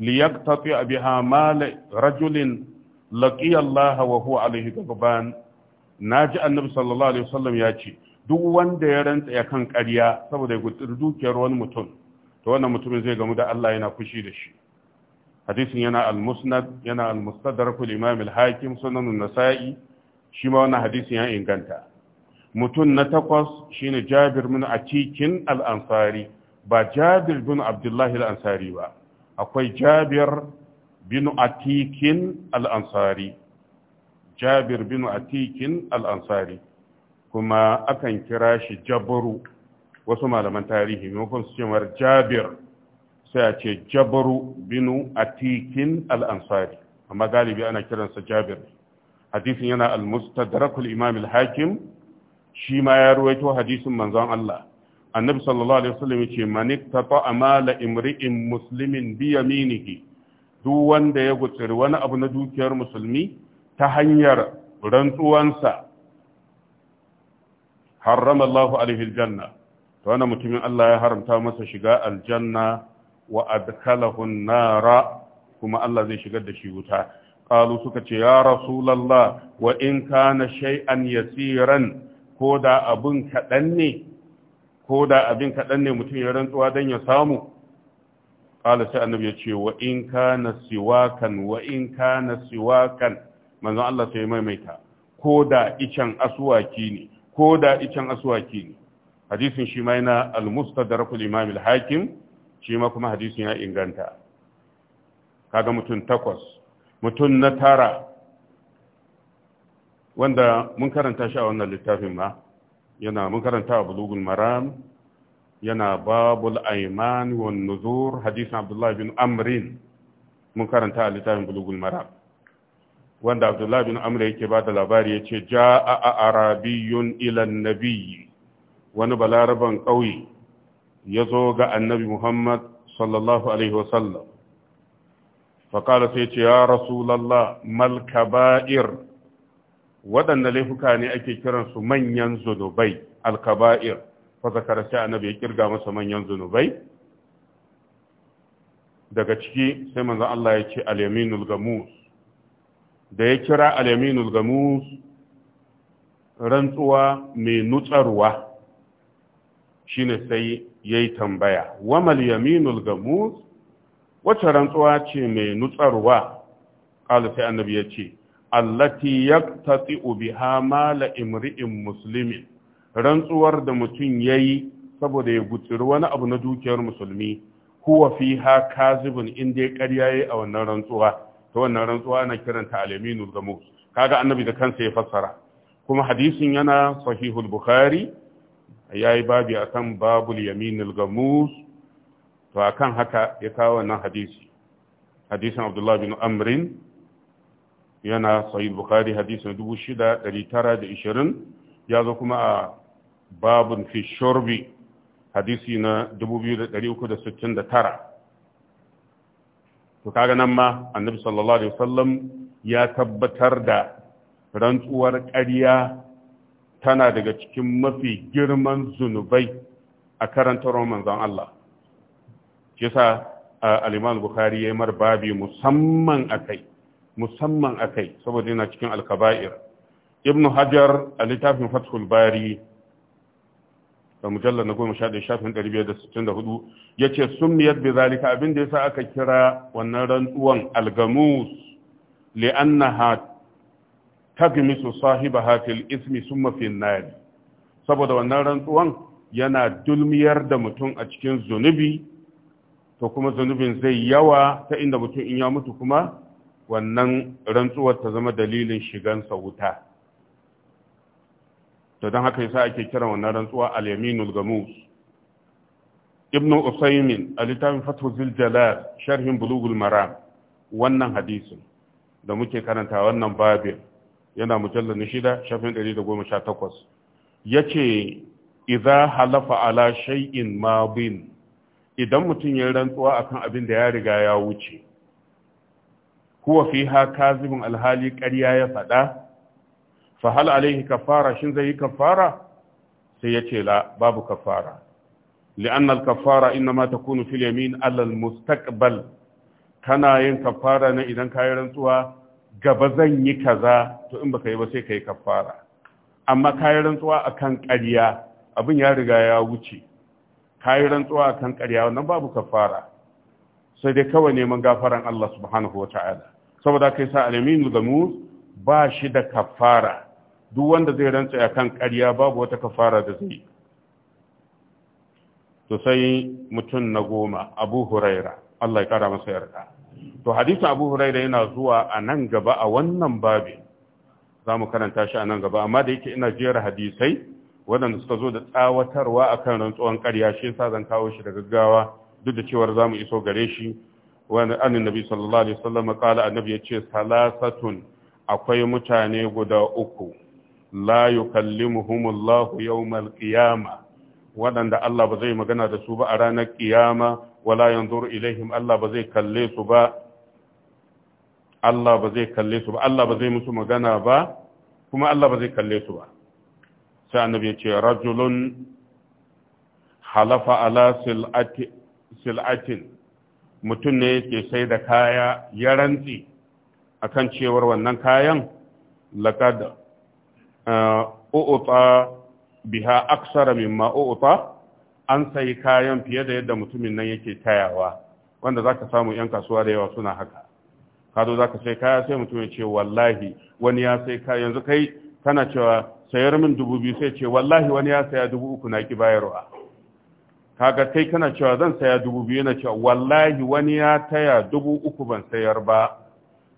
liyaqtati biha mal rajulin laqiya Allah wa huwa alaihi na naji annabi sallallahu alaihi wasallam ya ce duk wanda ya rantsa ya kan ƙarya saboda ya gutsuri dukiyar wani mutum to wannan mutumin zai gamu da Allah yana fushi da shi hadisin yana al-musnad yana al-mustadrak imam al-hakim sunan an-nasa'i shi ma wannan hadisin ya inganta mutum na takwas shine Jabir a Atikin al-Ansari ba Jabir bin abdullahi al-Ansari ba akwai Jabir bin atikin al'ansari jabir Binu atikin al'ansari kuma akan kira shi jabaru wasu malaman tarihi maimakon su cewar jabir sai a ce jabaru binu atikin al'ansari amma galibi ana kiransa jabir hadisin yana al-mustadrakul imam al-hakim shi ma ya ruwaito hadisin manzon Allah annabi sallallahu alaihi wasallam yace man ittaqa amala imri'in muslimin bi yaminihi duk wanda ya gutsiri wani abu na dukiyar musulmi ta hanyar rantsuwansa harrama Allahu alaihi aljanna to wannan mutumin Allah ya haramta masa shiga aljanna wa adkhalahu nara kuma Allah zai shigar da shi wuta qalu suka ce ya rasulullah wa in kana shay'an yasiran ko da abin kadan ne ko da abin kadan ne mutum ya rantsuwa dan ya samu qala sai annabi ya ce wa in kana siwakan wa in kana siwakan manzon Allah sai maimaita ko da icen asuwaki ne ko da ne hadisin shi ma yana al-mustadrak al-imam al-hakim shi ma kuma hadisin ya inganta kaga mutum takwas mutum na tara wanda mun karanta shi a wannan littafin ma yana mun karanta a bulugul maram yana babul aiman wan nuzur hadisin abdullahi bin amrin mun karanta a littafin bulugul mara wanda abdullahi bin Amrin yake ba da labari yace ja'a arabiyun ila nabi wani balaraban ƙauye, ya zo ga annabi muhammad sallallahu alaihi wasallam faƙala sai ce ya rasulallah mal kaba'ir waɗanda laifuka ne ake kiransu manyan zunubai Alkaba'ir. fa zakara sai annabi ya kirga masa manyan zunubai daga ciki sai manzo Allah ya ce al-yaminul gamus da ya kira al-yaminul gamus rantsuwa mai nutsarwa shine sai yayi tambaya wamal yaminul gamus wacce rantsuwa ce mai nutsarwa qala sai annabi ya ce allati yaqtati biha mala imri'in muslimin rantsuwar da mutum ya yi saboda ya gutsiri wani abu na dukiyar musulmi huwa fi ha kazibin in dai karya yi a wannan rantsuwa ta wannan rantsuwa na kiranta alaminu gamus kaga annabi da kansa ya fassara kuma hadisin yana sahihul bukhari yayi babi kan babul yaminul gamus to a kan haka ya kawo wannan hadisi hadisin abdullah bin amrin yana sahihul bukhari hadisin 6920 ya zo kuma a babun fi shorbi hadisi na 2369 to kaga nan ma annabi sallallahu alaihi wasallam ya tabbatar da rantsuwar ƙarya tana daga cikin mafi girman zunubai a karantar manzon Allah shi yasa al-Imam Bukhari yayi mar babi musamman akai musamman akai saboda yana cikin al-kaba'ir Ibn Hajar a littafin Fathul Bari da mujallar na goma shaɗe shafin ɗari biyar da sittin da hudu ya ce miyar bi zalika abin da ya sa aka kira wannan rantsuwan algamus li'annaha tagmisu sahibaha fil ismi sun mafi nari saboda wannan rantsuwan yana dulmiyar da mutum a cikin zunubi to kuma zunubin zai yawa ta inda mutum in ya mutu kuma wannan rantsuwar ta zama dalilin shigansa wuta to don haka yasa ake kiran wannan rantsuwa al-yaminul gamus ibnu usaymin al littafin fathu zil jalal sharhin bulughul maram wannan hadisin da muke karanta wannan babin yana mujallar na shida shafin 118 ya ce halafa ala shay'in mabin idan mutum ya rantsuwa akan abin da ya riga ya wuce huwa fiha kazibun alhali ƙarya ya faɗa fa alaihi kafara shin zai yi kafara sai ya ce la babu kafara li'anna al in na mata fil yamin ala mustakbal. mustaqbal kana yin kafara ne idan ka yi rantsuwa gaba zan yi kaza to in baka yi ba sai ka yi kafara amma ka yi rantsuwa akan ƙarya abin ya riga ya wuce ka yi rantsuwa akan ƙarya wannan babu kafara sai dai kawai neman gafaran Allah subhanahu wa ta'ala saboda kai sa al-yamin ba shi da kafara duk wanda zai rantsa a kan ƙarya babu wata kafara da zai to sai mutum na goma abu huraira Allah ya kara masa yarda to hadisin abu huraira yana zuwa a nan gaba a wannan babin za mu karanta shi a nan gaba amma da yake ina jera hadisai waɗanda suka zo da tsawatarwa a kan rantsuwan ƙarya shi yasa zan kawo shi da gaggawa duk da cewar za mu iso gare shi wani annin nabi sallallahu alaihi wasallam qala annabi ce salasatun akwai mutane guda uku la yukallimuhumullahu yawmal qiyama waɗanda Allah ba zai magana da su ba a ranar kiyama wala yanzuru ilaihim Allah ba zai kalle su ba Allah ba zai kalle su ba Allah ba zai musu magana ba kuma Allah ba zai kalle su ba sai annabi ya ce rajulun halafa ala sil'ati sil'atin mutum ne yake sai da kaya ya rantsi akan cewar wannan kayan laqad u'uta biha aksara mimma u'uta an sayi kayan fiye da yadda mutumin nan yake tayawa wanda zaka samu yan kasuwa da yawa suna haka ka zo zaka sai kaya sai mutum ya ce wallahi wani ya sai kaya yanzu kai kana cewa sayar min dubu biyu sai ce wallahi wani ya saya dubu uku na ki bayarwa kaga kai kana cewa zan saya dubu biyu na cewa wallahi wani ya taya dubu uku ban sayar ba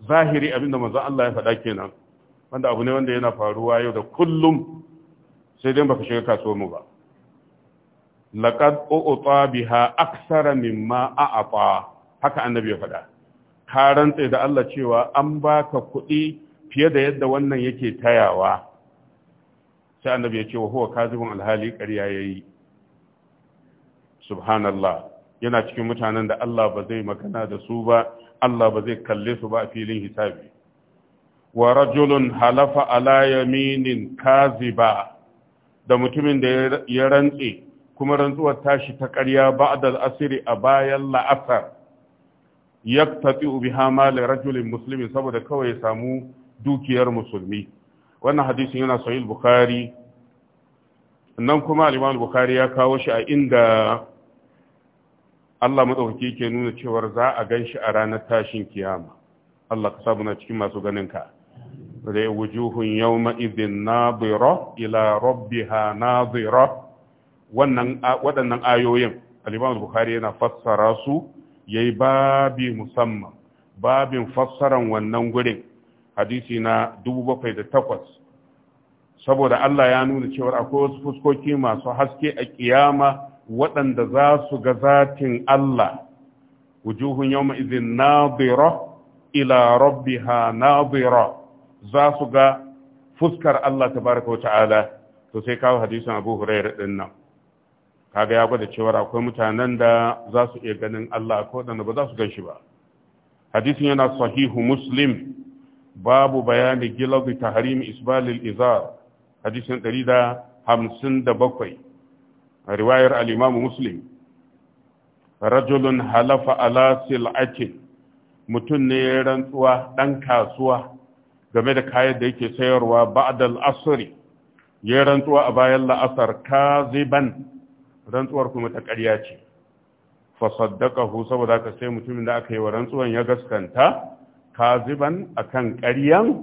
zahiri abinda manzon Allah ya faɗa kenan wanda abu ne wanda yana faruwa yau da kullum sai dai baka shiga kasuwar mu ba laqad u'ta biha aksara mimma a'ata haka annabi ya faɗa ka rantse da Allah cewa an baka kuɗi fiye da yadda wannan yake tayawa sai annabi ya ce wa huwa kazibun alhali ƙarya yayi subhanallah yana cikin mutanen da Allah ba zai magana da su ba Allah ba zai kalle su ba a filin hisabi wa rajulun halafa ala yaminin kaziba da mutumin da ya rantse kuma rantsuwar tashi ta ƙarya da asiri a bayan la'asar ubi, hama, mal rajulin muslimin saboda kawai ya samu dukiyar musulmi wannan hadisin yana sahih bukhari nan kuma al-imam ya kawo shi a inda Allah madaukaki ke nuna cewar za a ganshi a ranar tashin kiyama Allah ka samu na cikin masu ganin ka bare wujuhun yawma idhin nadira ila rabbiha nadira wannan waɗannan ayoyin al Buhari yana fassara su yayi babi musamman babin fassaran wannan gurin hadisi na 708 saboda Allah ya nuna cewa akwai wasu fuskoki masu haske a kiyama waɗanda za su ga zatin Allah wujuhun yawma idhin nadira ila rabbiha nadira za su ga fuskar Allah baraka wa ta'ala to sai kawo hadisin Abu Hurairah ɗin nan kaga ya gwada cewar akwai mutanen da za su iya ganin Allah ko da ba za su ganshi ba hadisin yana sahihu Muslim babu bayani ta Harim isbalil izar hadisin a riwayar alimamu Muslim rajulun halafa ala sil'atin mutum ne rantsuwa ɗan kasuwa game da kayan da yake sayarwa ba'dal asri ya rantsuwa a bayan la'asar kaziban rantsuwar kuma ta ƙarya ce fa saddaqahu saboda ka sai mutumin da aka yi wa rantsuwan ya gaskanta kaziban akan ƙaryan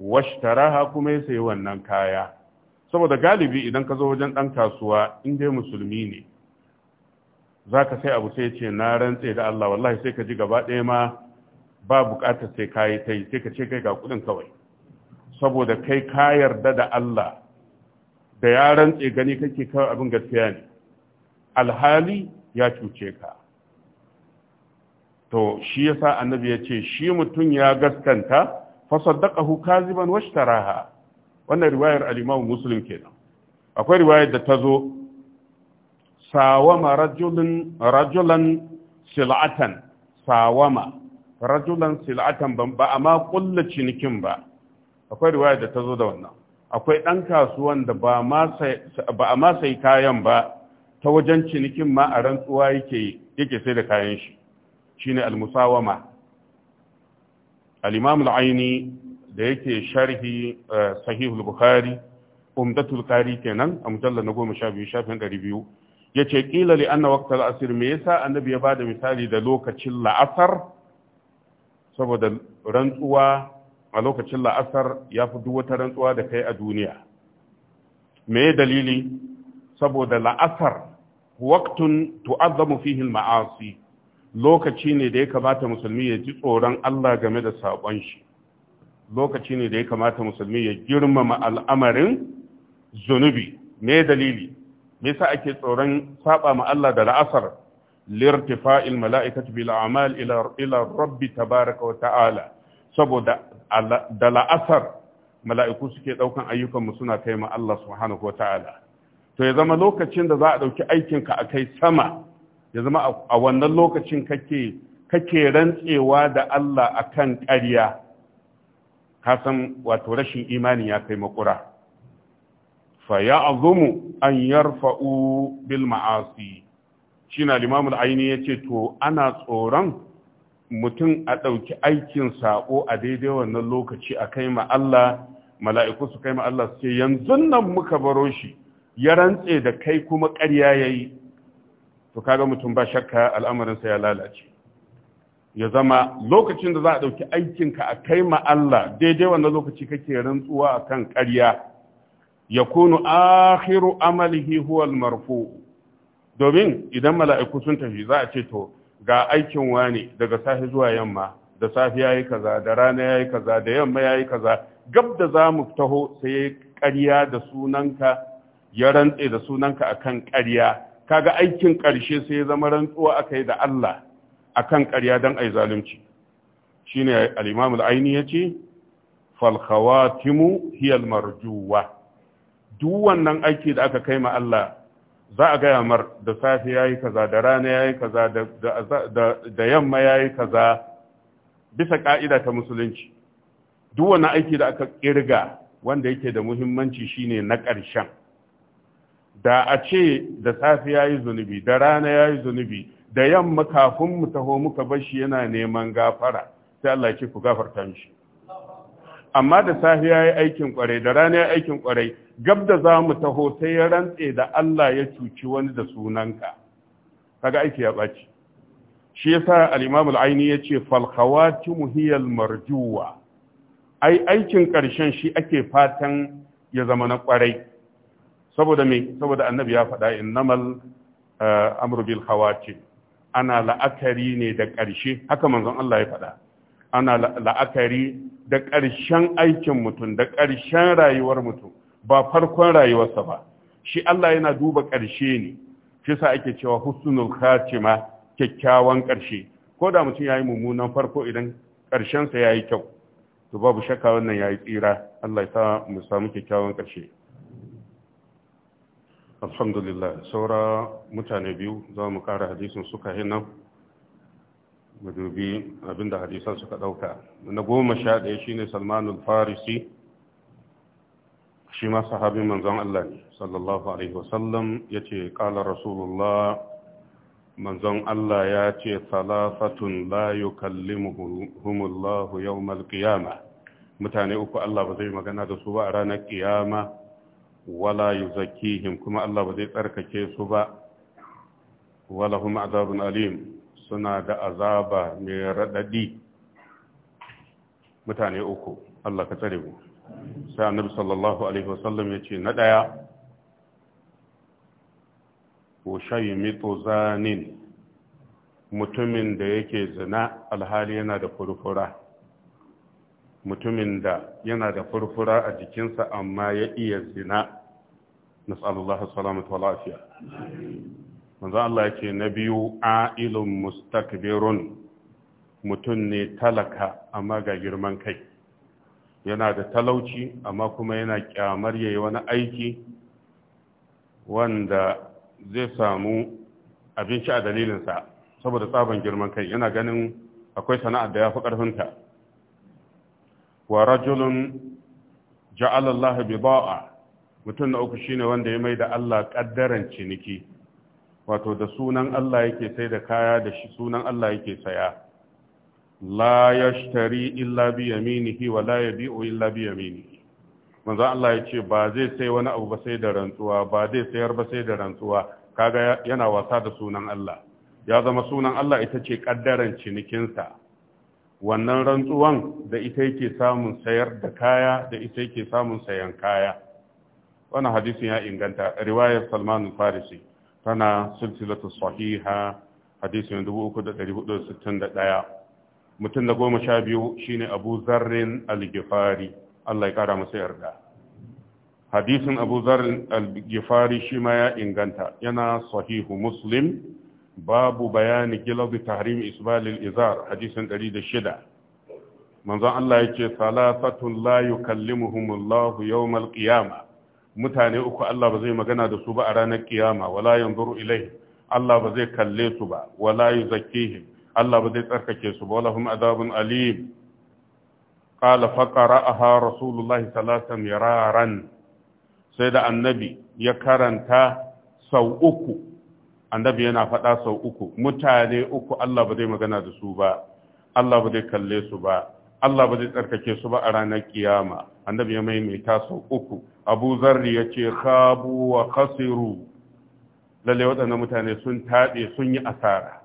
washtaraha kuma ya sayi wannan kaya saboda galibi idan ka zo wajen ɗan kasuwa in dai musulmi ne za ka sai abu sai ce na rantse da Allah wallahi sai ka ji gaba ɗaya ma ba bukatar sai kayi ta yi sai ka ce kai ga kudin kawai saboda kai ka yarda da Allah da ya rantse gani kake kawai abin gaskiya ne alhali ya cuce ka to shi yasa annabi ya ce shi mutum ya gaskanta fa saddaqahu kaziban washtaraha wannan riwayar al-Imam Muslim kenan akwai riwayar da ta zo sawama rajulun rajulan sil'atan sawama rajulan sil'atan ban ba amma kulla cinikin ba akwai riwaya da ta zo da wannan akwai ɗan kasuwan da ba a ma sai kayan ba ta wajen cinikin ma a rantsuwa yake sai da kayan shi shine al-musawama al-imam al-aini da yake sharhi eh, sahih al-bukhari umdatul qari kenan a mujallal na 12 shafin 200 yace qila li anna waqt al-asr me yasa annabi ya bada misali da lokacin la'asar saboda rantsuwa a lokacin la'asar ya fi duk wata rantsuwa da kai a duniya me dalili saboda la'asar waktun tu'azzamu fihi al-ma'asi lokaci ne da ya kamata musulmi ya ji tsoron Allah game da sabon shi lokaci ne da ya kamata musulmi ya girmama al'amarin zunubi me dalili me yasa ake tsoron saba ma Allah da la'asar lirtifa'il mala'ikati bil a'mal ila ila rabbi tabaraka wa ta'ala saboda da la'asar mala'iku suke ɗaukan ayyukanmu suna kai ma Allah subhanahu wa ta'ala to ya zama lokacin da za a dauki aikin ka akai sama ya zama a wannan lokacin kake kake rantsewa da Allah akan ƙarya ka san wato rashin imani ya kai makura fa ya azumu an yarfa'u bil ma'asi shi na limamul aini ya ce to ana tsoron mutum a ɗauki aikin saƙo a daidai wannan lokaci a kai ma Allah mala'iku su kai ma Allah su ce yanzu nan muka baro shi ya rantse da kai kuma ƙarya ya yi to kaga mutum ba shakka al'amarinsa ya lalace ya zama lokacin da za a ɗauki aikinka a kai ma Allah daidai wannan lokaci kake rantsuwa akan ƙarya ya kunu akhiru amalihi huwal marfu' domin idan mala'iku sun tafi za a ce to ga aikin wani daga safi zuwa yamma da safi ya yi kaza da rana ya yi kaza da yamma ya yi kaza gab da za mu taho sai ya yi ƙarya da sunanka ya rantse da sunanka a akan ƙarya kaga aikin ƙarshe sai ya zama rantsuwa yi da Allah a akan ƙarya dan yi zalunci shine ne imam aini yace ce khawatimu hiya marjuwa duk wannan aiki da aka kai ma Allah za a gaya mar da safe ya yi kaza da rana ya yi kaza da yamma ya yi kaza bisa ka'ida ta musulunci duk wani aiki da aka kirga wanda yake da muhimmanci shine na ƙarshen da a ce da safe ya yi zunubi da rana ya yi zunubi da yamma kafin mu taho muka bashi yana neman gafara sai Allah ya ce ku gafarta mishi amma da safiya ya aikin kwarai da rana ya aikin kwarai gab da za mu taho sai ya rantse da Allah ya cuci wani da sunanka kaga aiki ya ɓaci shi yasa al-Imam al-Aini yace fal khawatimu hiya al-marjuwa ai aikin karshen shi ake fatan ya zama na kwarai saboda me saboda annabi ya faɗa innamal eh, amru bil khawatim ana la'akari ne da karshe haka manzon Allah ya faɗa ana la'akari da ƙarshen aikin mutum da ƙarshen rayuwar mutum ba farkon rayuwarsa ba shi Allah yana duba ƙarshe ne shi sa ake cewa husnul khatima kyakkyawan ƙarshe ko da mutum ya yi mummunan farko idan ƙarshensa sa yayi kyau to babu shakka wannan ya yi tsira Allah ya sa mu samu kyakkyawan ƙarshe alhamdulillah saura mutane biyu za mu kara hadisin suka hinan mu dubi abinda hadisan suka dauka na goma sha ɗaya shine salmanul farisi shi ma sahabin manzon Allah ne sallallahu alaihi wasallam yace qala rasulullah manzon Allah ya ce salafatun la yukallimuhumullahu yawmal qiyamah mutane uku Allah ba zai magana da su ba a ranar kiyama wala yuzakkihim kuma Allah ba zai tsarkake su ba wala hum azabun alim suna da azaba mai raɗaɗi mutane uku Allah ka tsare mu sai annabi sallallahu alaihi wasallam ya ce na ɗaya ushayi mito zanin mutumin da yake zina alhali yana da furfura mutumin da yana da furfura a jikinsa amma ya iya zina nasallallahu salamatu wa lafiya manzo Allah ya ce na biyu a'ilun mustakbirun mutum ne talaka amma ga girman kai yana da talauci amma kuma yana kyamar yayi wani aiki wanda zai samu abinci a dalilinsa saboda tsaban girman kai yana ganin akwai sana'ar da ya fi ƙarfinta wa rajulun ja'alallahu bida'a mutum na uku shine wanda ya mai da Allah ƙaddaran ciniki wato da sunan Allah yake sai da kaya da shi sunan Allah yake saya la yashtari illa bi yaminihi wa la yabi'u illa bi yaminihi manzo Allah ya ce ba zai sai wani abu ba sai da rantsuwa ba zai sayar ba sai da rantsuwa kaga yana wasa da sunan Allah ya zama sunan Allah ita ce kaddaran cinikinsa wannan rantsuwan da ita yake samun sayar da kaya da ita yake samun sayan kaya wannan hadisin ya inganta riwayar Salman al-Farisi tana silsilatu sahiha hadisin 3461 mutum da goma sha biyu shine abu zarrin al-gifari Allah ya kara masa yarda hadisin abu zarrin al-gifari shi ma ya inganta yana sahihu muslim babu bayani gilabi tahrim isbalil izar hadisin 106 manzon Allah yake salatatun la yukallimuhumullahu yawmal qiyamah mutane uku Allah ba zai magana da su ba a ranar kiyama wala yanzuru ilai Allah ba zai kalle su ba wala yuzakkihim Allah ba zai tsarkake su ba wala hum azabun alim qala faqara'aha rasulullahi sallallahu miraran sai da annabi ya karanta sau uku annabi yana faɗa sau uku mutane uku Allah ba zai magana da su ba Allah ba zai kalle su ba Allah ba zai tsarkake su ba a ranar kiyama annabi ya maimaita sau uku abu zarri ya ce khabu wa khasiru lalle waɗannan mutane sun taɓe sun yi asara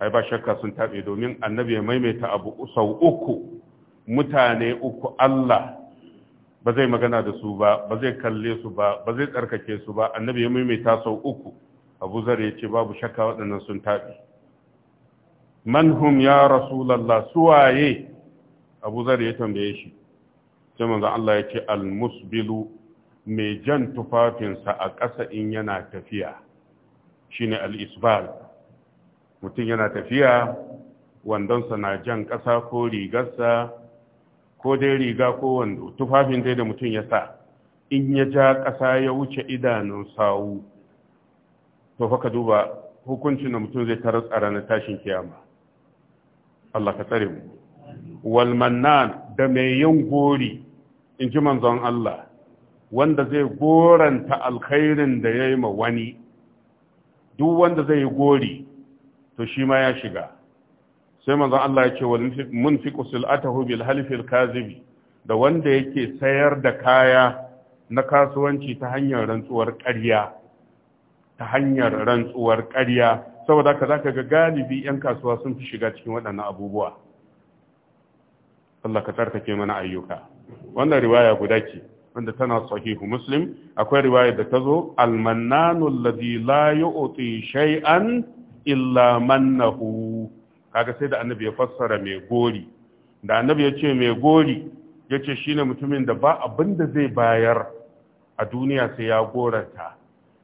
ai ba shakka sun taɓe domin annabi ya maimaita abu sau uku mutane uku Allah ba zai magana da su ba ba zai kalle su ba ba zai tsarkake su ba annabi ya maimaita sau uku abu zarri ya ce babu shakka waɗannan sun taɓe man ya rasulallah suwaye abu zar ya tambaye shi sai manzo Allah ya ce al-musbilu mai jan tufafinsa a ƙasa in yana tafiya shine al-isbal mutum yana tafiya wandonsa na jan ƙasa ko rigarsa ko dai riga ko wando tufafin dai da mutum ya sa in ya ja ƙasa ya wuce idanun sawu to fa ka duba hukuncin da mutum zai tarar tsara na tashin kiyama Allah ka tsare mu walmannan da mai yin gori in ji manzon Allah wanda zai goranta alkhairin da ya yi ma wani duk wanda zai yi gori to shi ma ya shiga sai manzon Allah ya ce wal munfiqu sil'atahu bil halifil kazibi da wanda yake sayar da kaya na kasuwanci ta hanyar rantsuwar ƙarya ta hanyar rantsuwar ƙarya saboda haka zaka ga galibi 'yan kasuwa sun fi shiga cikin waɗannan abubuwa Allah ka tsarkake mana ayyuka wannan riwaya guda ce wanda tana sahihu muslim akwai riwaya da ta zo almannanu alladhi la yu'ti shay'an illa mannahu kaga sai da annabi ya fassara mai gori da annabi ya ce mai gori ya ce shine mutumin da ba abin da zai bayar a duniya sai ya goranta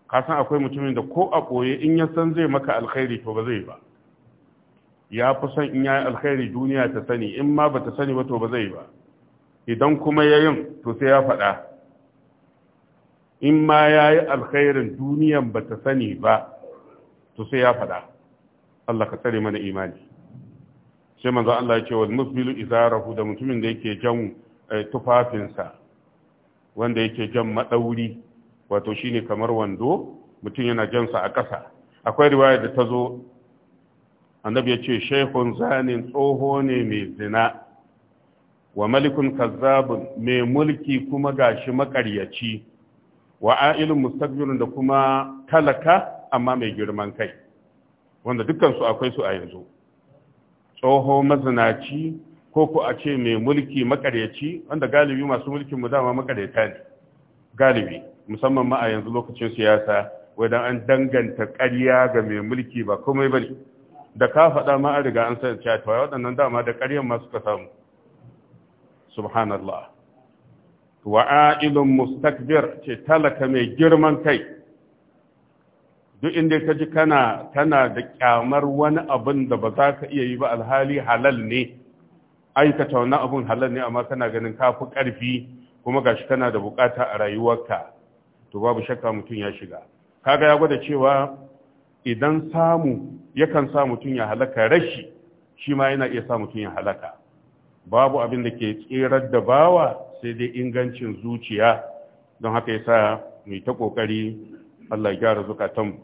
kasan akwai mutumin da ko a koye in ya san zai maka alkhairi to ba zai ba ya fi son in yayi alkhairi duniya ta sani in ma ba ta sani ba to ba zai ba idan kuma ya yin to sai ya faɗa in ma ya yi alkhairin duniyan ba ta sani ba to sai ya faɗa Allah ka tsare mana imani sai manzo Allah ya ce wal musbilu izarahu da mutumin da yake jan eh, tufafinsa wanda yake jan madauri wato shine kamar wando mutum yana jansa a ƙasa akwai riwaya da ta zo annabi ya ce shaihun zanin tsoho ne mai zina wa malikun kazzabun mai mulki kuma gashi makaryaci wa a'ilun mustakbirun da kuma talaka amma mai girman kai wanda dukkansu akwai su a yanzu tsoho mazinaci ko ku a ce mai mulki makaryaci wanda galibi masu mulkin mu dama makaryata ne galibi musamman ma a yanzu lokacin siyasa wadan an danganta ƙarya ga mai mulki ba komai bane da ka faɗa ma an riga an san cewa to waɗannan dama da ƙaryan ma suka samu subhanallah wa a'ilun mustakbir ce talaka mai girman kai duk inda ka ji kana tana da kyamar wani abin da ba za ka iya yi ba alhali halal ne aikata wani abin halal ne amma kana ganin kafi ƙarfi kuma gashi kana da bukata a rayuwarka to babu shakka mutum ya shiga kaga ya gwada cewa idan samu yakan sa mutum ya halaka rashi shi ma yana iya sa mutum ya halaka babu abin da ke tsirar da bawa sai dai ingancin zuciya don haka yasa mai ta kokari Allah ya gyara zukatan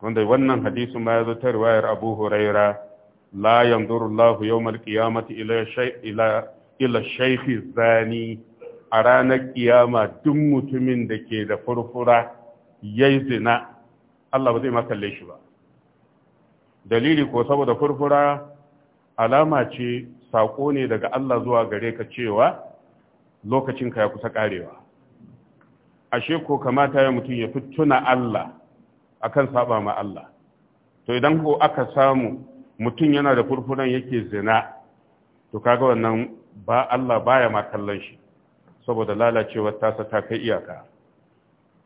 wanda wannan hadisin ma ya zo ta riwayar Abu Huraira la yanzuru Allahu yawmal qiyamati ila ila ila shaykhi zani a ranar kiyama duk mutumin da ke da furfura yayi zina Allah ba zai ma kalle shi ba dalili ko saboda furfura alama ce saƙo ne daga Allah zuwa gare ka cewa lokacinka ya kusa ƙarewa ashe ko kamata ya mutum ya fi tuna Allah akan saba ma Allah to idan ko aka samu mutum yana da furfuran yake zina to kaga wannan ba Allah baya ma kallon shi saboda lalacewar tasa ta kai iyaka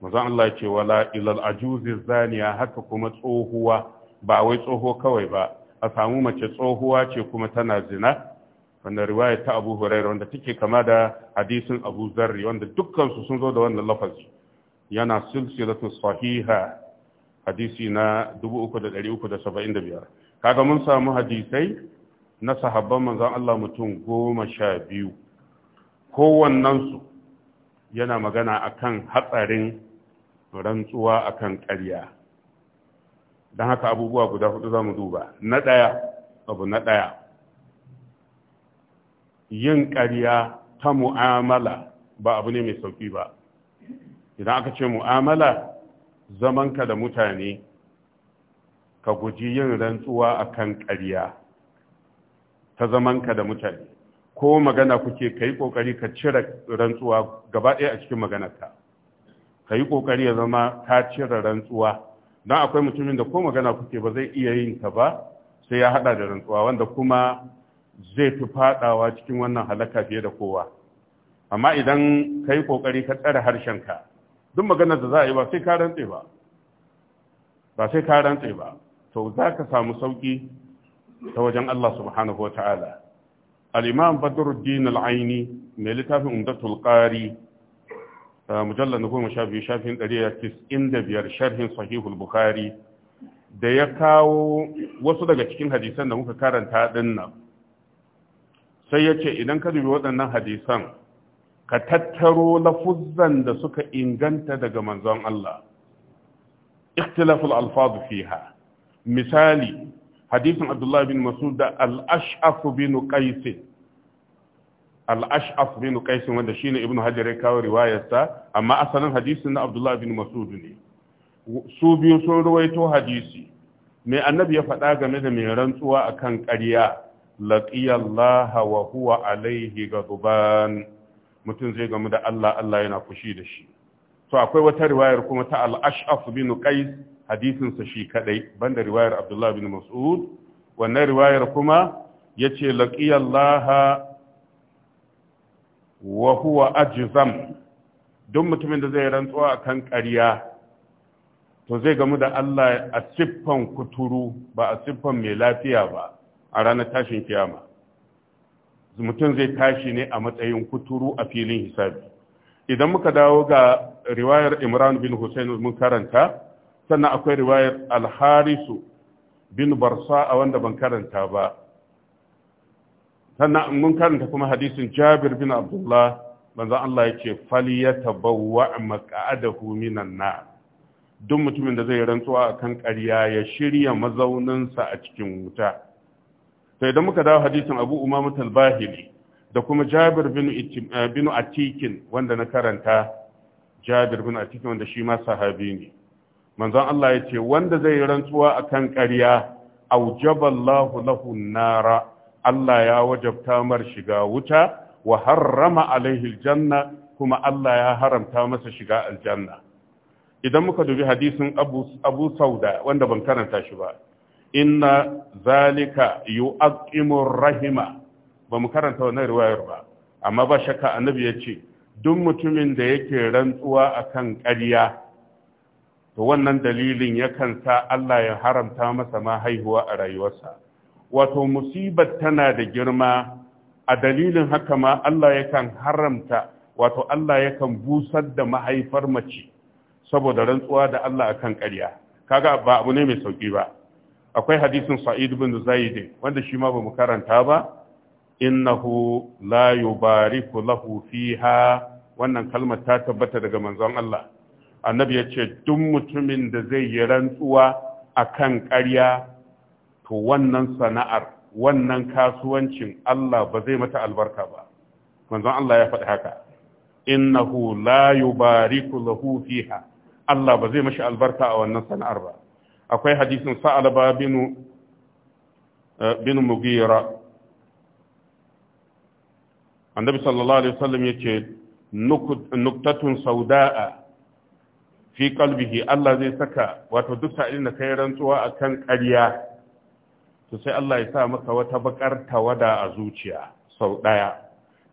manzon Allah ya ce wala ilal ajuzi zaniya haka kuma tsohuwa ba wai tsoho kawai ba a samu mace tsohuwa ce kuma tana zina wanda riwaya ta Abu Hurairah wanda take kama da hadisin Abu Zarri wanda dukkan su sun zo da wannan lafazi yana silsilatu sahiha hadisi na 3375 kaga mun samu hadisai na sahabban manzon Allah mutum goma sha biyu kowannensu yana magana akan hatsarin rantsuwa akan ƙarya don haka abubuwa guda hudu za mu duba na ɗaya abu na ɗaya yin ƙarya ta mu'amala ba abu ne mai sauƙi ba idan aka ce mu'amala zamanka da mutane ka guji yin rantsuwa a kan ƙarya ta zamanka da mutane ko magana kuke ka yi ƙoƙari ka cire rantsuwa gaba ɗaya a cikin maganarka ka yi ƙoƙari ya zama ka cire rantsuwa don akwai mutumin da ko magana kuke ba zai iya yin ta ba sai ya hada da rantsuwa wanda kuma zai fi fadawa cikin wannan halaka fiye da kowa amma idan ka yi kokari ka tsare harshenka duk maganar da za a yi ba sai ka rantse ba ba sai ka rantse ba to za ka samu sauki ta wajen Allah subhanahu wa ta'ala al-imam badruddin al-aini mai littafin umdatul qari mujallar na goma sha biyu shafin ɗari da tis'in da biyar sharhin sahihul bukhari da ya kawo wasu daga cikin hadisan da muka karanta ɗin nan sai ya ce idan ka dubi waɗannan hadisan ka tattaro lafuzzan da suka inganta daga manzon Allah ikhtilaful alfaz fiha misali hadisin abdullahi bin masud da al-ash'af bin qais alash'af ashaf bin wanda shine ibnu hajar ya kawo riwayarsa amma asalin hadisin na Abdullahi bin mas'ud ne su biyu sun ruwaito hadisi mai annabi ya faɗa game da mai rantsuwa a ƙarya laqiyallaha wa huwa alaihi ghadban mutum zai gamu da Allah Allah yana fushi da shi to akwai wata riwayar kuma ta alashaf ashaf bin Kais hadisinsa shi kadai banda riwayar Abdullahi bin mas'ud wannan riwayar kuma yace laƙiyallaha. wa huwa ajzam duk mutumin da zai rantsuwa kan ƙarya to zai gamu da Allah a siffan kuturu ba a siffan mai lafiya ba a ranar tashin kiyama mutum zai tashi ne a matsayin kuturu a filin hisabi idan muka dawo ga riwayar imran bin hussein mun karanta sannan akwai riwayar alharisu bin barsa a wanda ban karanta ba sannan mun karanta kuma hadisin Jabir bin Abdullah manzo Allah yake tabawwa maq'adahu minan na. duk mutumin da zai rantsuwa akan ƙarya ya shirya mazauninsa a cikin wuta sai idan muka dawo hadisin Abu Umama talbahili da kuma Jabir bin eh, Atikin wanda na karanta Jabir bin Atikin wanda shi ma sahabi ne manzon Allah ya ce wanda zai rantsuwa akan ƙarya aujaballahu lahu nara Allah ya wajabta mar shiga wuta wa harrama alaihi aljanna kuma Allah ya haramta masa shiga aljanna idan muka dubi hadisin Abu Abu Sauda wanda ban karanta shi ba inna zalika yu'aqimur rahima ba mu karanta wannan riwayar ba amma ba shakka annabi ya ce duk mutumin da yake rantsuwa akan ƙarya to wannan dalilin yakan sa Allah ya haramta masa ma haihuwa a rayuwarsa wato musibar tana da girma a dalilin haka ma Allah yakan haramta wato Allah yakan busar da mahaifar mace saboda rantsuwa da Allah akan ƙarya kaga ba abu ne mai sauki ba akwai hadisin Sa'id bin Zaid wanda shi ma bamu karanta ba innahu la yubariku lahu fiha wannan kalmar ta tabbata daga manzon Allah annabi ya ce duk mutumin da zai yi rantsuwa akan ƙarya to wannan sana'ar wannan kasuwancin Allah ba zai mata albarka ba manzon Allah ya faɗi haka innahu la yubariku lahu fiha Allah ba zai mashi albarka a wannan sana'ar ba akwai hadisin sa'alaba bin eh, bin mugira annabi sallallahu alaihi wasallam yace nuktatun sauda'a fi qalbihi Allah zai saka wato duk sa'ilin da kai rantsuwa akan ƙarya to sai Allah ya sa maka wata bakar tawada a zuciya sau ɗaya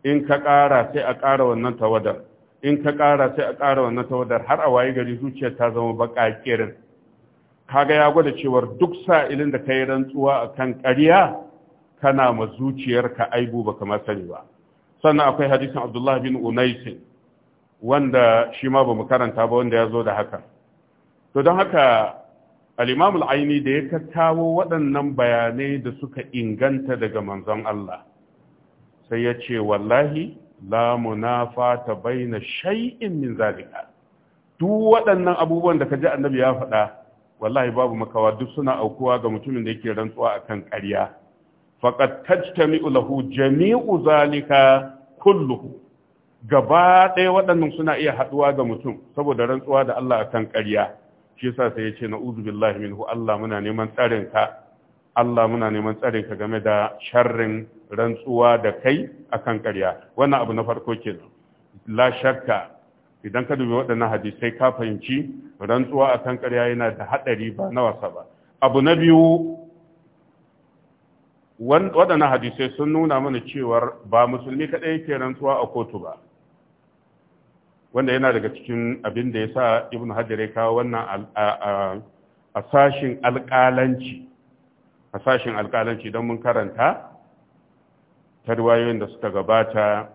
in ka ƙara sai a ƙara wannan tawadar in ka ƙara sai a ƙara wannan tawadar har a waye gari zuciya ta zama baka kirin kaga ya gwada cewar duk sa sa'ilin da ka yi rantsuwa a kan ƙarya kana ma zuciyar ka aibu ba kama sani ba sannan akwai hadisin abdullah bin unaisin wanda shi ma bamu karanta ba wanda ya zo da haka to don haka al-imam aini da ya kattawo waɗannan bayanai da suka inganta daga manzon Allah sai ya ce wallahi la munafa baina shay'in min zalika duk waɗannan abubuwan da kaji annabi ya faɗa wallahi babu makawa duk suna aukuwa ga mutumin da yake rantsuwa akan ƙarya faqad tajtami'u lahu jami'u zalika kulluhu gaba ɗaya waɗannan suna iya haɗuwa ga mutum saboda rantsuwa da Allah akan ƙarya shi yasa sai ya ce na'udhu billahi minhu Allah muna neman tsarin ka Allah muna neman tsarin ka game da sharrin rantsuwa da kai akan ƙarya wannan abu na farko kenan la shakka idan ka dubi waɗannan hadisai ka fahimci rantsuwa akan ƙarya yana da haɗari ba na wasa ba abu na biyu waɗannan hadisai sun nuna mana cewar ba musulmi kaɗai yake rantsuwa a kotu ba wanda yana daga cikin abin da ya sa ibn hajar ya kawo wannan a sashin alƙalanci don mun karanta ta ruwayoyin da suka gabata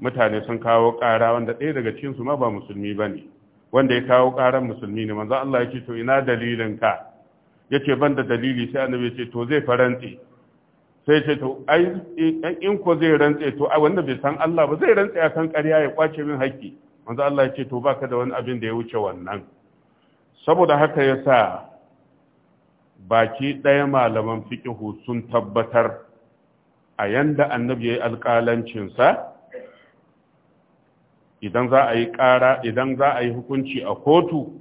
mutane sun kawo ƙara wanda ɗaya daga cikinsu ma ba musulmi ba ne wanda ya kawo ƙaran musulmi ne manzo Allah ya ce to ina dalilinka? yace ya ce ban da dalili sai annabi ya ce to zai faranti sai ce to in ko zai rantse to ai wanda bai san Allah ba zai rantse kan ƙarya ya kwace min haƙƙi manzo Allah ya ce to baka da wani abin da ya wuce wannan saboda haka ya sa baki ɗaya malaman fiƙihu sun tabbatar a yanda annabi ya yi alƙalancinsa idan za a yi ƙara idan za a yi hukunci a kotu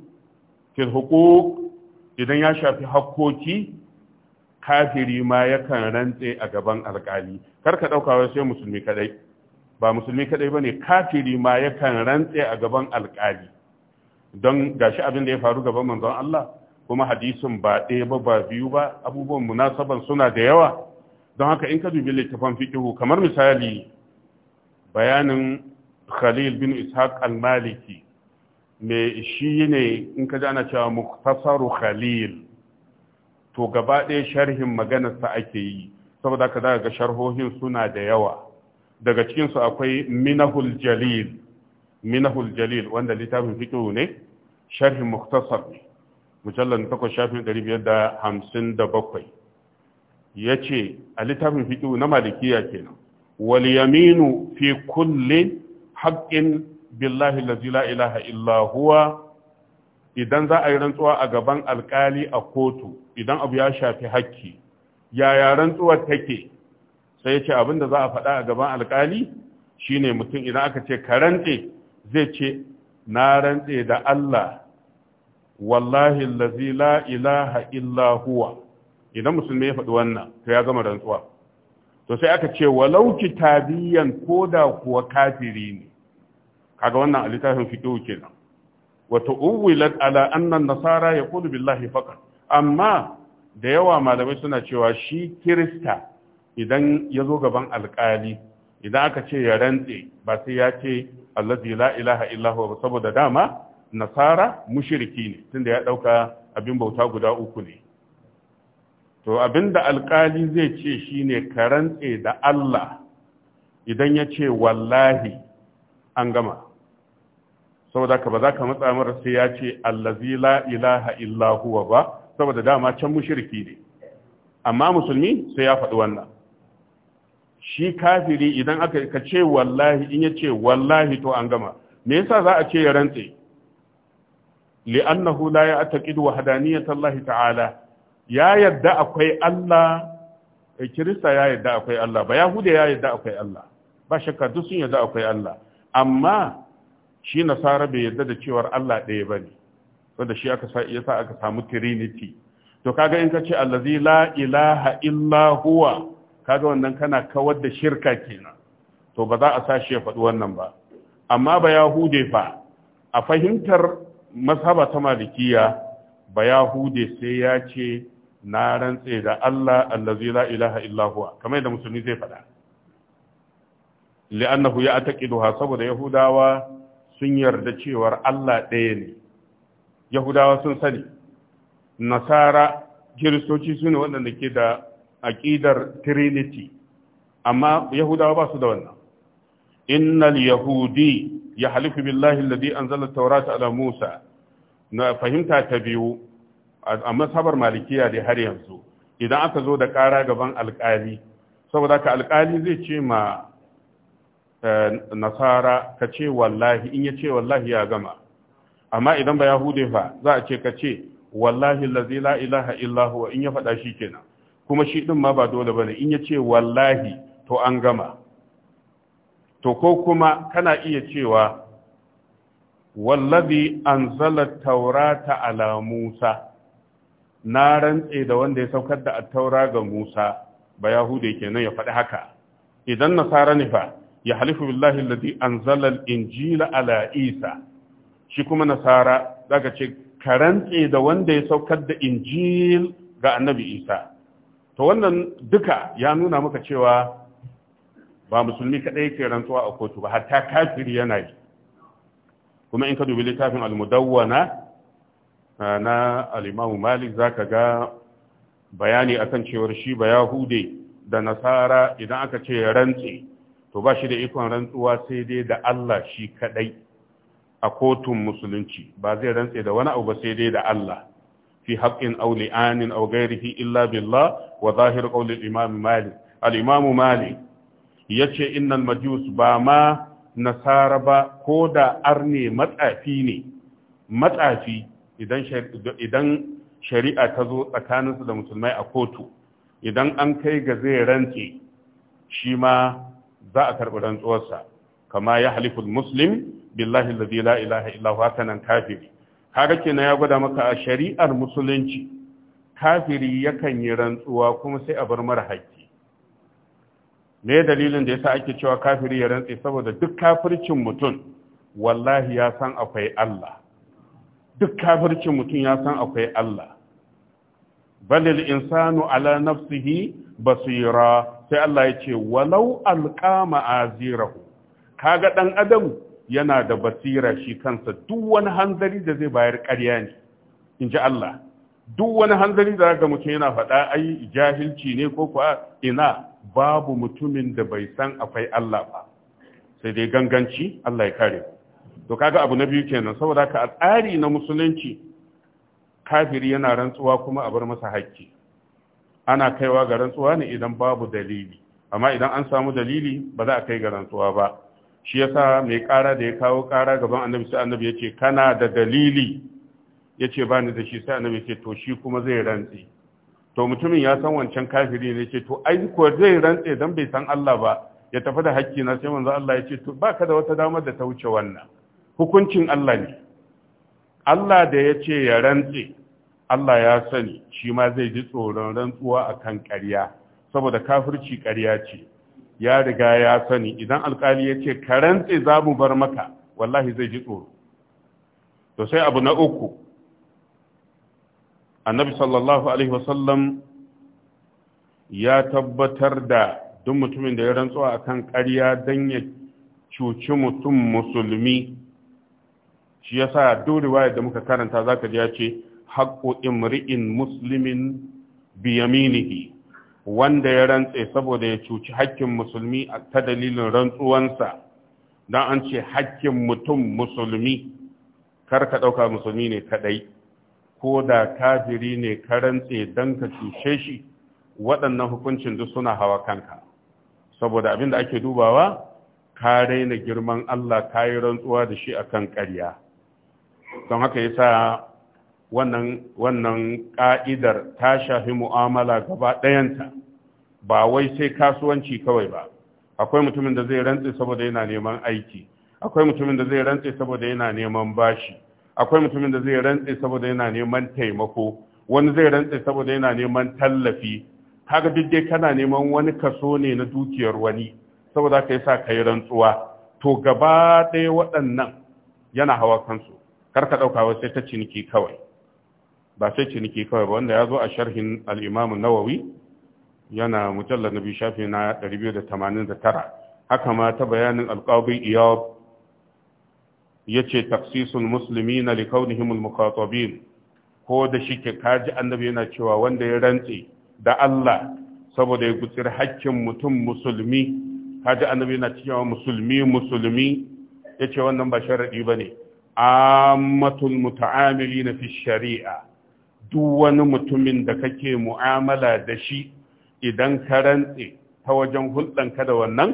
fil hukuk idan ya shafi hakkoki kafiri ma yakan rantse a gaban alkali kar ka ɗauka wai sai musulmi kadai ba musulmi kadai ne kafiri ma yakan rantse a gaban alkali don gashi abin da ya faru gaban manzon Allah kuma hadisin ba ɗaya ba ba biyu ba abubuwan munasaban suna da yawa don haka in ka dubi littafan fiqhu kamar misali bayanin Khalil bin Ishaq al-Maliki me shi ne in ka ji ana cewa muktasaru Khalil to gaba ɗaya sharhin maganar sa ake yi saboda ka ga sharhohin suna da yawa daga cikinsu akwai minahul jalil minahul jalil wanda littafin fikihu ne sharhin muktasar ne mujallar na takwas shafin ɗari biyar da hamsin da bakwai ya ce a littafin fikihu na malikiya kenan wal yaminu fi kulli haƙƙin billahi la ilaha illa huwa idan za a yi rantsuwa a gaban alkali a kotu idan abu ya shafi hakki yaya rantsuwar take sai ya ce abin da za a faɗa a gaban alkali shine mutum idan aka ce ka rantse zai ce na rantse da Allah wallahi lazi la ilaha illa huwa idan musulmi ya faɗi wannan to ya gama rantsuwa to sai aka ce walau ko da kuwa kafiri ne kaga wannan a littafin fiqh kenan wa tu'awwilat ala anna an-nasara yaqulu billahi faqat amma da yawa malamai suna cewa shi kirista idan ya zo gaban alkali idan aka ce ya rantse ba sai ya ce allazi la ilaha illahu ba saboda dama nasara mushriki ne tunda ya dauka abin bauta guda uku ne to abinda alƙali zai ce shine ka rantse da Allah idan ya ce wallahi an gama saboda ka ba za ka matsa mara sai ya ce allazi la ilaha illa huwa ba saboda dama can mushriki ne amma musulmi sai ya faɗi wannan shi kafiri idan aka ka ce wallahi in ya ce wallahi to an gama me yasa za a ce ya rantse li'annahu la ya'taqidu wahdaniyata Allah ta'ala ya yadda akwai Allah eh, kirista ya yadda akwai Allah ba yahuda ya yadda akwai Allah ba shakka duk sun yadda akwai Allah amma shi nasara bai yarda da cewar Allah ɗaya ba ne wadda shi aka sa aka samu trinity to kaga in ka ce Allah la ilaha illa huwa kaga wannan kana kawar da shirka kenan to ba za a sa shi ya faɗi wannan ba amma ba hude fa a fahimtar mazhaba ta malikiya ba hude sai ya ce na rantse da Allah allazi la ilaha illa huwa kamar da musulmi zai faɗa li'annahu ya ataqiduha saboda yahudawa sun yarda cewar Allah ɗaya ne yahudawa sun sani nasara kiristoci su ne waɗanda ke da aƙidar trinity amma yahudawa ba su da wannan innal yahudi ya halifu billahi an anzala taurata ala musa na fahimta ta biyu a masabar malikiya da har yanzu idan aka zo da ƙara gaban alƙali saboda ka alƙali zai ce ma Eh, nasara ka ce wallahi in ya ce wallahi ya gama amma idan ba yahude fa za a ce ka ce wallahi lazi la ilaha illahu in ya faɗa shi kenan kuma shi ɗin ma ba dole ba ne in ya ce wallahi to an gama to ko kuma kana iya cewa wallazi anzala taurata ala musa na rantse da wanda ya saukar da attaura ga musa ba yahude kenan ya faɗi haka idan nasara ne fa ya billahi alladhi anzala al-injila ala isa shi kuma nasara daga ce karantse da wanda ya saukar da injil ga annabi isa to wannan duka ya nuna maka cewa ba musulmi kadai ke rantsuwa a kotu ba hatta kafiri yana yi kuma in ka dubi littafin al-mudawwana na al-imam malik zaka ga bayani akan cewar shi ba hude da nasara idan aka ce rantse to ba shi da ikon rantsuwa sai dai da Allah shi kadai a kotun musulunci ba zai rantse da wani abu sai dai da Allah fi haqqin aw li'anin aw ghairihi illa billah wa zahir qawl al-imam Malik al-imam Malik yace innal majus ba ma nasara ba ko da arne matsafi ne matsafi idan shari'a ta zo tsakaninsu da musulmai a kotu idan an kai ga zai rantse shi ma za a karɓi rantsuwarsa kama ya halifu muslim billahi la ilaha illahu haka nan kafiri kaga kenan ya gwada maka a shari'ar musulunci kafiri yakan yi rantsuwa kuma sai a bar mara haƙƙi me dalilin da yasa ake cewa kafiri ya rantse saboda duk kafircin mutum wallahi ya san akwai Allah duk kafircin mutum ya san akwai Allah balil insanu ala nafsihi basira sai Allah ya ce walau alqama azirahu kaga dan adam yana da basira shi kansa duk wani hanzari da zai bayar ƙarya ne in ji Allah duk wani hanzari da zaka mutum yana faɗa ai jahilci ne ko kuwa ina babu mutumin da bai san akwai Allah ba sai dai ganganci Allah ya kare to kaga abu na biyu kenan saboda ka a tsari na musulunci kafiri yana rantsuwa kuma a bar masa hakki ana kaiwa ga rantsuwa ne idan babu dalili amma idan an samu dalili ba za a kai ga rantsuwa ba shi yasa mai ƙara da ya kawo ƙara gaban annabi sai annabi yace kana da dalili yace ba ni da shi sai annabi yace to shi kuma zai rantse. to mutumin ya san wancan kafiri ne yace to ai ko zai rantse dan bai san Allah ba ya tafi da hakki na sai manzo Allah yace to baka da wata damar da ta wuce wannan hukuncin Allah ne Allah da yace ya rantse Allah ya sani shi ma zai ji tsoron rantsuwa akan ƙarya saboda kafirci ƙarya ce ya riga ya sani idan alkali ya ce ka rantse za mu bar maka wallahi zai ji tsoro to sai abu na uku annabi sallallahu alaihi wasallam ya tabbatar da duk mutumin da ya rantsuwa akan ƙarya don ya cuci mutum musulmi shi yasa duk riwayar da muka karanta zaka ji ya ce haqqu imri'in muslimin biyaminihi, wanda ya rantse saboda ya cuci hakkin musulmi ta dalilin rantsuwansa don an ce hakkin mutum musulmi kar ka ɗauka musulmi ne kaɗai ko da kafiri ne ka rantse don ka cuce shi waɗannan hukuncin duk suna hawa kanka saboda abin da ake dubawa ka raina girman Allah ka yi rantsuwa da shi akan ƙarya don haka yasa wannan wannan ka'idar ta shafi mu'amala gaba ɗayanta ba wai sai kasuwanci kawai ba akwai mutumin da zai rantse saboda yana neman aiki akwai mutumin da zai rantse saboda yana neman bashi akwai mutumin da zai rantse saboda yana neman taimako wani zai rantse saboda yana neman tallafi haka duk dai kana neman wani kaso ne na dukiyar wani saboda ka yi sa ka yi rantsuwa to gaba ɗaya waɗannan yana hawa kansu kar ka ɗauka wasu ta ciniki kawai ba sai ciniki kawai ba wanda ya zo a sharhin al'imamun nawawi yana mujallar na biyu shafi na 289 haka ma ta bayanin alƙawai iyab ya ce taksisun musulmi na likaunihimul mukatabin ko da shi ke kaji annabi yana cewa wanda ya rantse da Allah saboda ya gutsir hakkin mutum musulmi kaji annabi yana cewa musulmi musulmi ya ce wannan ba sharaɗi ba ne ammatul muta'amili na fi shari'a duk wani mutumin da kake mu'amala da shi idan ka rantse ta wajen ka da wannan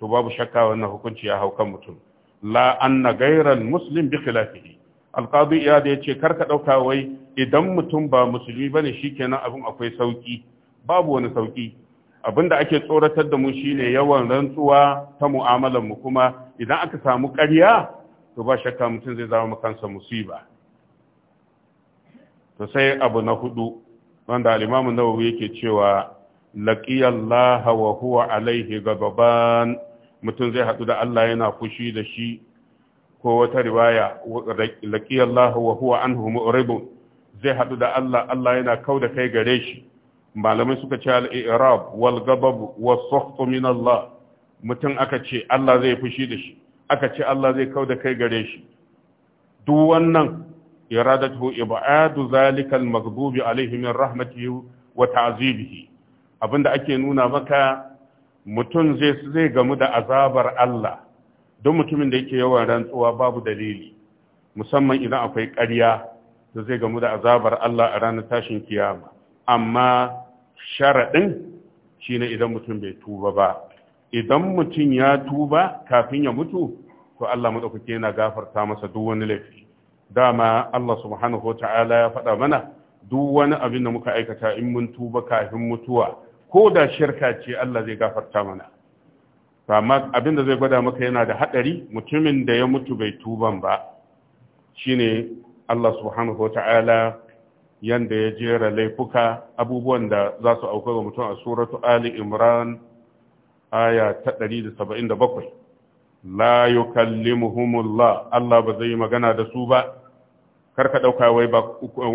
to babu shakka wannan hukunci ya haukan mutum la anna gairan muslim bi khilafihi alqadi iyad ya ce ka dauka wai idan mutum ba musulmi bane shikenan abin akwai sauki babu wani sauki abinda ake tsoratar da mu shine yawan rantsuwa ta mu'amalar mu kuma idan aka samu ƙarya to ba shakka mutum zai zama kansa musiba to sai abu na hudu wanda al-Imam Nawawi yake cewa laqiyallaha wa huwa alaihi ghadaban mutum zai hadu da Allah yana fushi da shi ko wata riwaya laqiyallaha wa huwa anhu mu'ridun zai hadu da Allah Allah yana kauda kai gare shi malamai suka ce al-i'rab wal ghadab was sakht min Allah mutum aka ce Allah zai fushi da shi aka ce Allah zai kauda kai gare shi duk wannan iradatu ibadu zalika al-maghdubi alaihi min rahmatihi wa ta'zibihi abinda ake nuna maka mutum zai zai gamu da azabar Allah don mutumin da yake yawan rantsuwa babu dalili musamman idan akwai ƙarya da zai gamu da azabar Allah a ranar tashin kiyama amma sharaɗin shine idan mutum bai tuba ba idan mutum ya tuba kafin ya mutu to Allah maɗaukaki yana gafarta masa duk wani laifi dama Allah subhanahu wa ta'ala ya faɗa mana duk wani abin da muka aikata in mun tuba kafin mutuwa ko da shirka ce Allah zai gafarta mana amma abin da zai gwada maka yana da haɗari mutumin da ya mutu bai tuban ba shine Allah subhanahu wa ta'ala yanda ya jera laifuka abubuwan da za su auka ga mutum a suratu Ali Imran aya ta 177 la yukallimuhumullah Allah ba zai magana da su ba Kar ka ɗauka wai ba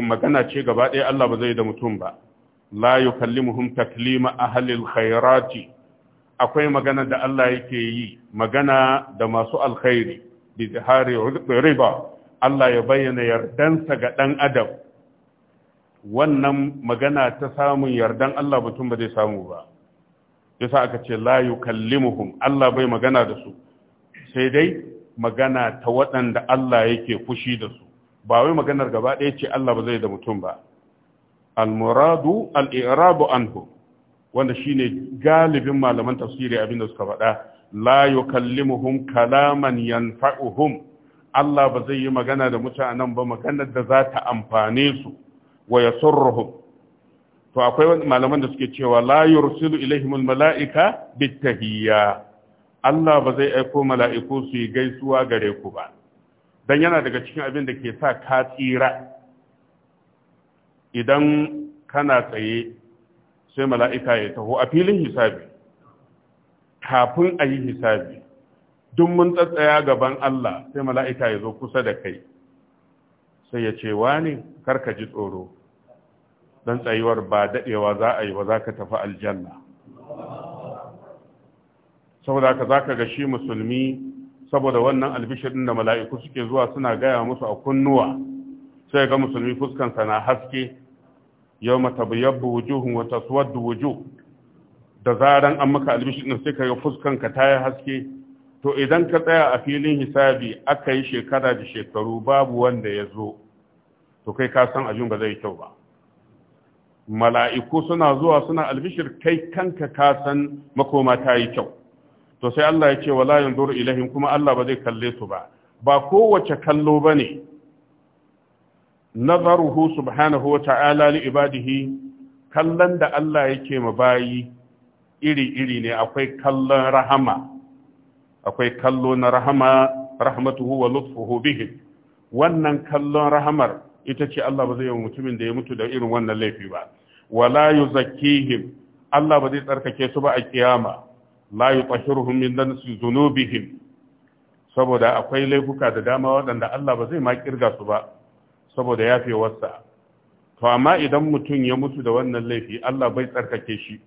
magana ce gaba ɗaya Allah ba zai da mutum ba la yukallimuhum taklima ahlil khairati akwai magana da Allah yake yi magana da masu alkhairi bi zahari riba Allah ya bayyana yardansa ga ɗan adam wannan magana ta samun yardan Allah mutum ba zai samu ba yasa aka ce la yukallimuhum Allah bai magana da su sai dai magana ta waɗanda Allah yake fushi da su ba wai maganar gaba ɗaya ce Allah ba zai da mutum ba al-muradu al anhu wanda shine galibin malaman tafsiri abinda suka faɗa la yukallimuhum kalaman yanfa'uhum Allah ba zai yi magana da mutanen ba maganar da za ta amfane su wa yasurruhum to akwai malaman da suke cewa la yursilu ilaihimul mala'ika bittahiyya. Allah ba zai aiko mala'iku su yi gaisuwa gare ku ba Dan yana daga cikin abin da ke sa ka tsira idan kana tsaye sai mala'ika ya taho a filin hisabi kafin a yi hisabi duk mun tsatsaya gaban Allah sai mala'ika ya zo kusa da kai sai ya ce wani karka ji tsoro don tsayuwar ba daɗewa za a yi ba za ka tafi aljanna saboda ka za ka ga musulmi saboda wannan albishirin da mala'iku suke zuwa suna gaya musu a kunnuwa sai ga musulmi fuskansa na haske yau matabayabbu wujuhun wata suwaddu wujuh da zaran an maka albishirin sai ka ga fuskanka ta yi haske to idan ka tsaya a filin hisabi aka yi shekara da shekaru babu wanda ya zo to kai ka san abin ba zai kyau ba mala'iku suna zuwa suna albishir kai kanka ka san makoma ta yi kyau to sai Allah ya ce wala yanzuru ilaihim kuma Allah ba zai kalle su ba ba kowace kallo bane nazaruhu subhanahu wa ta'ala li ibadihi kallon da Allah yake ma bayi iri-iri ne akwai kallon rahama akwai kallo na rahama rahmatuhu wa lutfuhu bihi wannan kallon rahamar ita ce Allah ba zai yi mutumin da ya mutu da irin wannan laifi ba wala yuzakkihim Allah ba zai tsarkake su ba a kiyama la su zuno dhunubihim saboda akwai laifuka da dama waɗanda Allah ba zai ma su ba saboda wasa. to amma idan mutum ya mutu da wannan laifi Allah bai tsarkake shi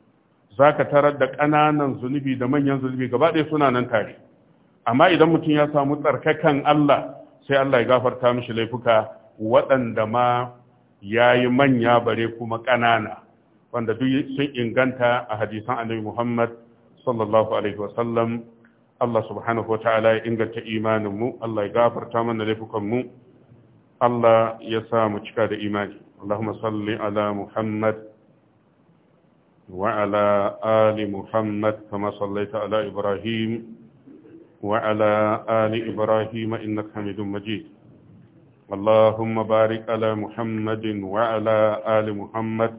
zaka tarar da ƙananan zunubi da manyan zunubi gaba ɗaya suna nan tare amma idan mutum ya samu tsarkakan Allah sai Allah ya gafarta mishi laifuka waɗanda ma ya yi manya bare kuma ƙanana wanda duk sun inganta a hadisan annabi Muhammad sallallahu alaihi wasallam Allah subhanahu wa ta'ala ya inganta imaninmu Allah ya gafarta mana laifukanmu Allah ya sa mu cika da imani Allahumma salli ala Muhammad wa ala ali Muhammad kama sallaita ala Ibrahim wa ala ali Ibrahim innaka Hamidum Majid اللهم بارك على محمد وعلى Ali Muhammad.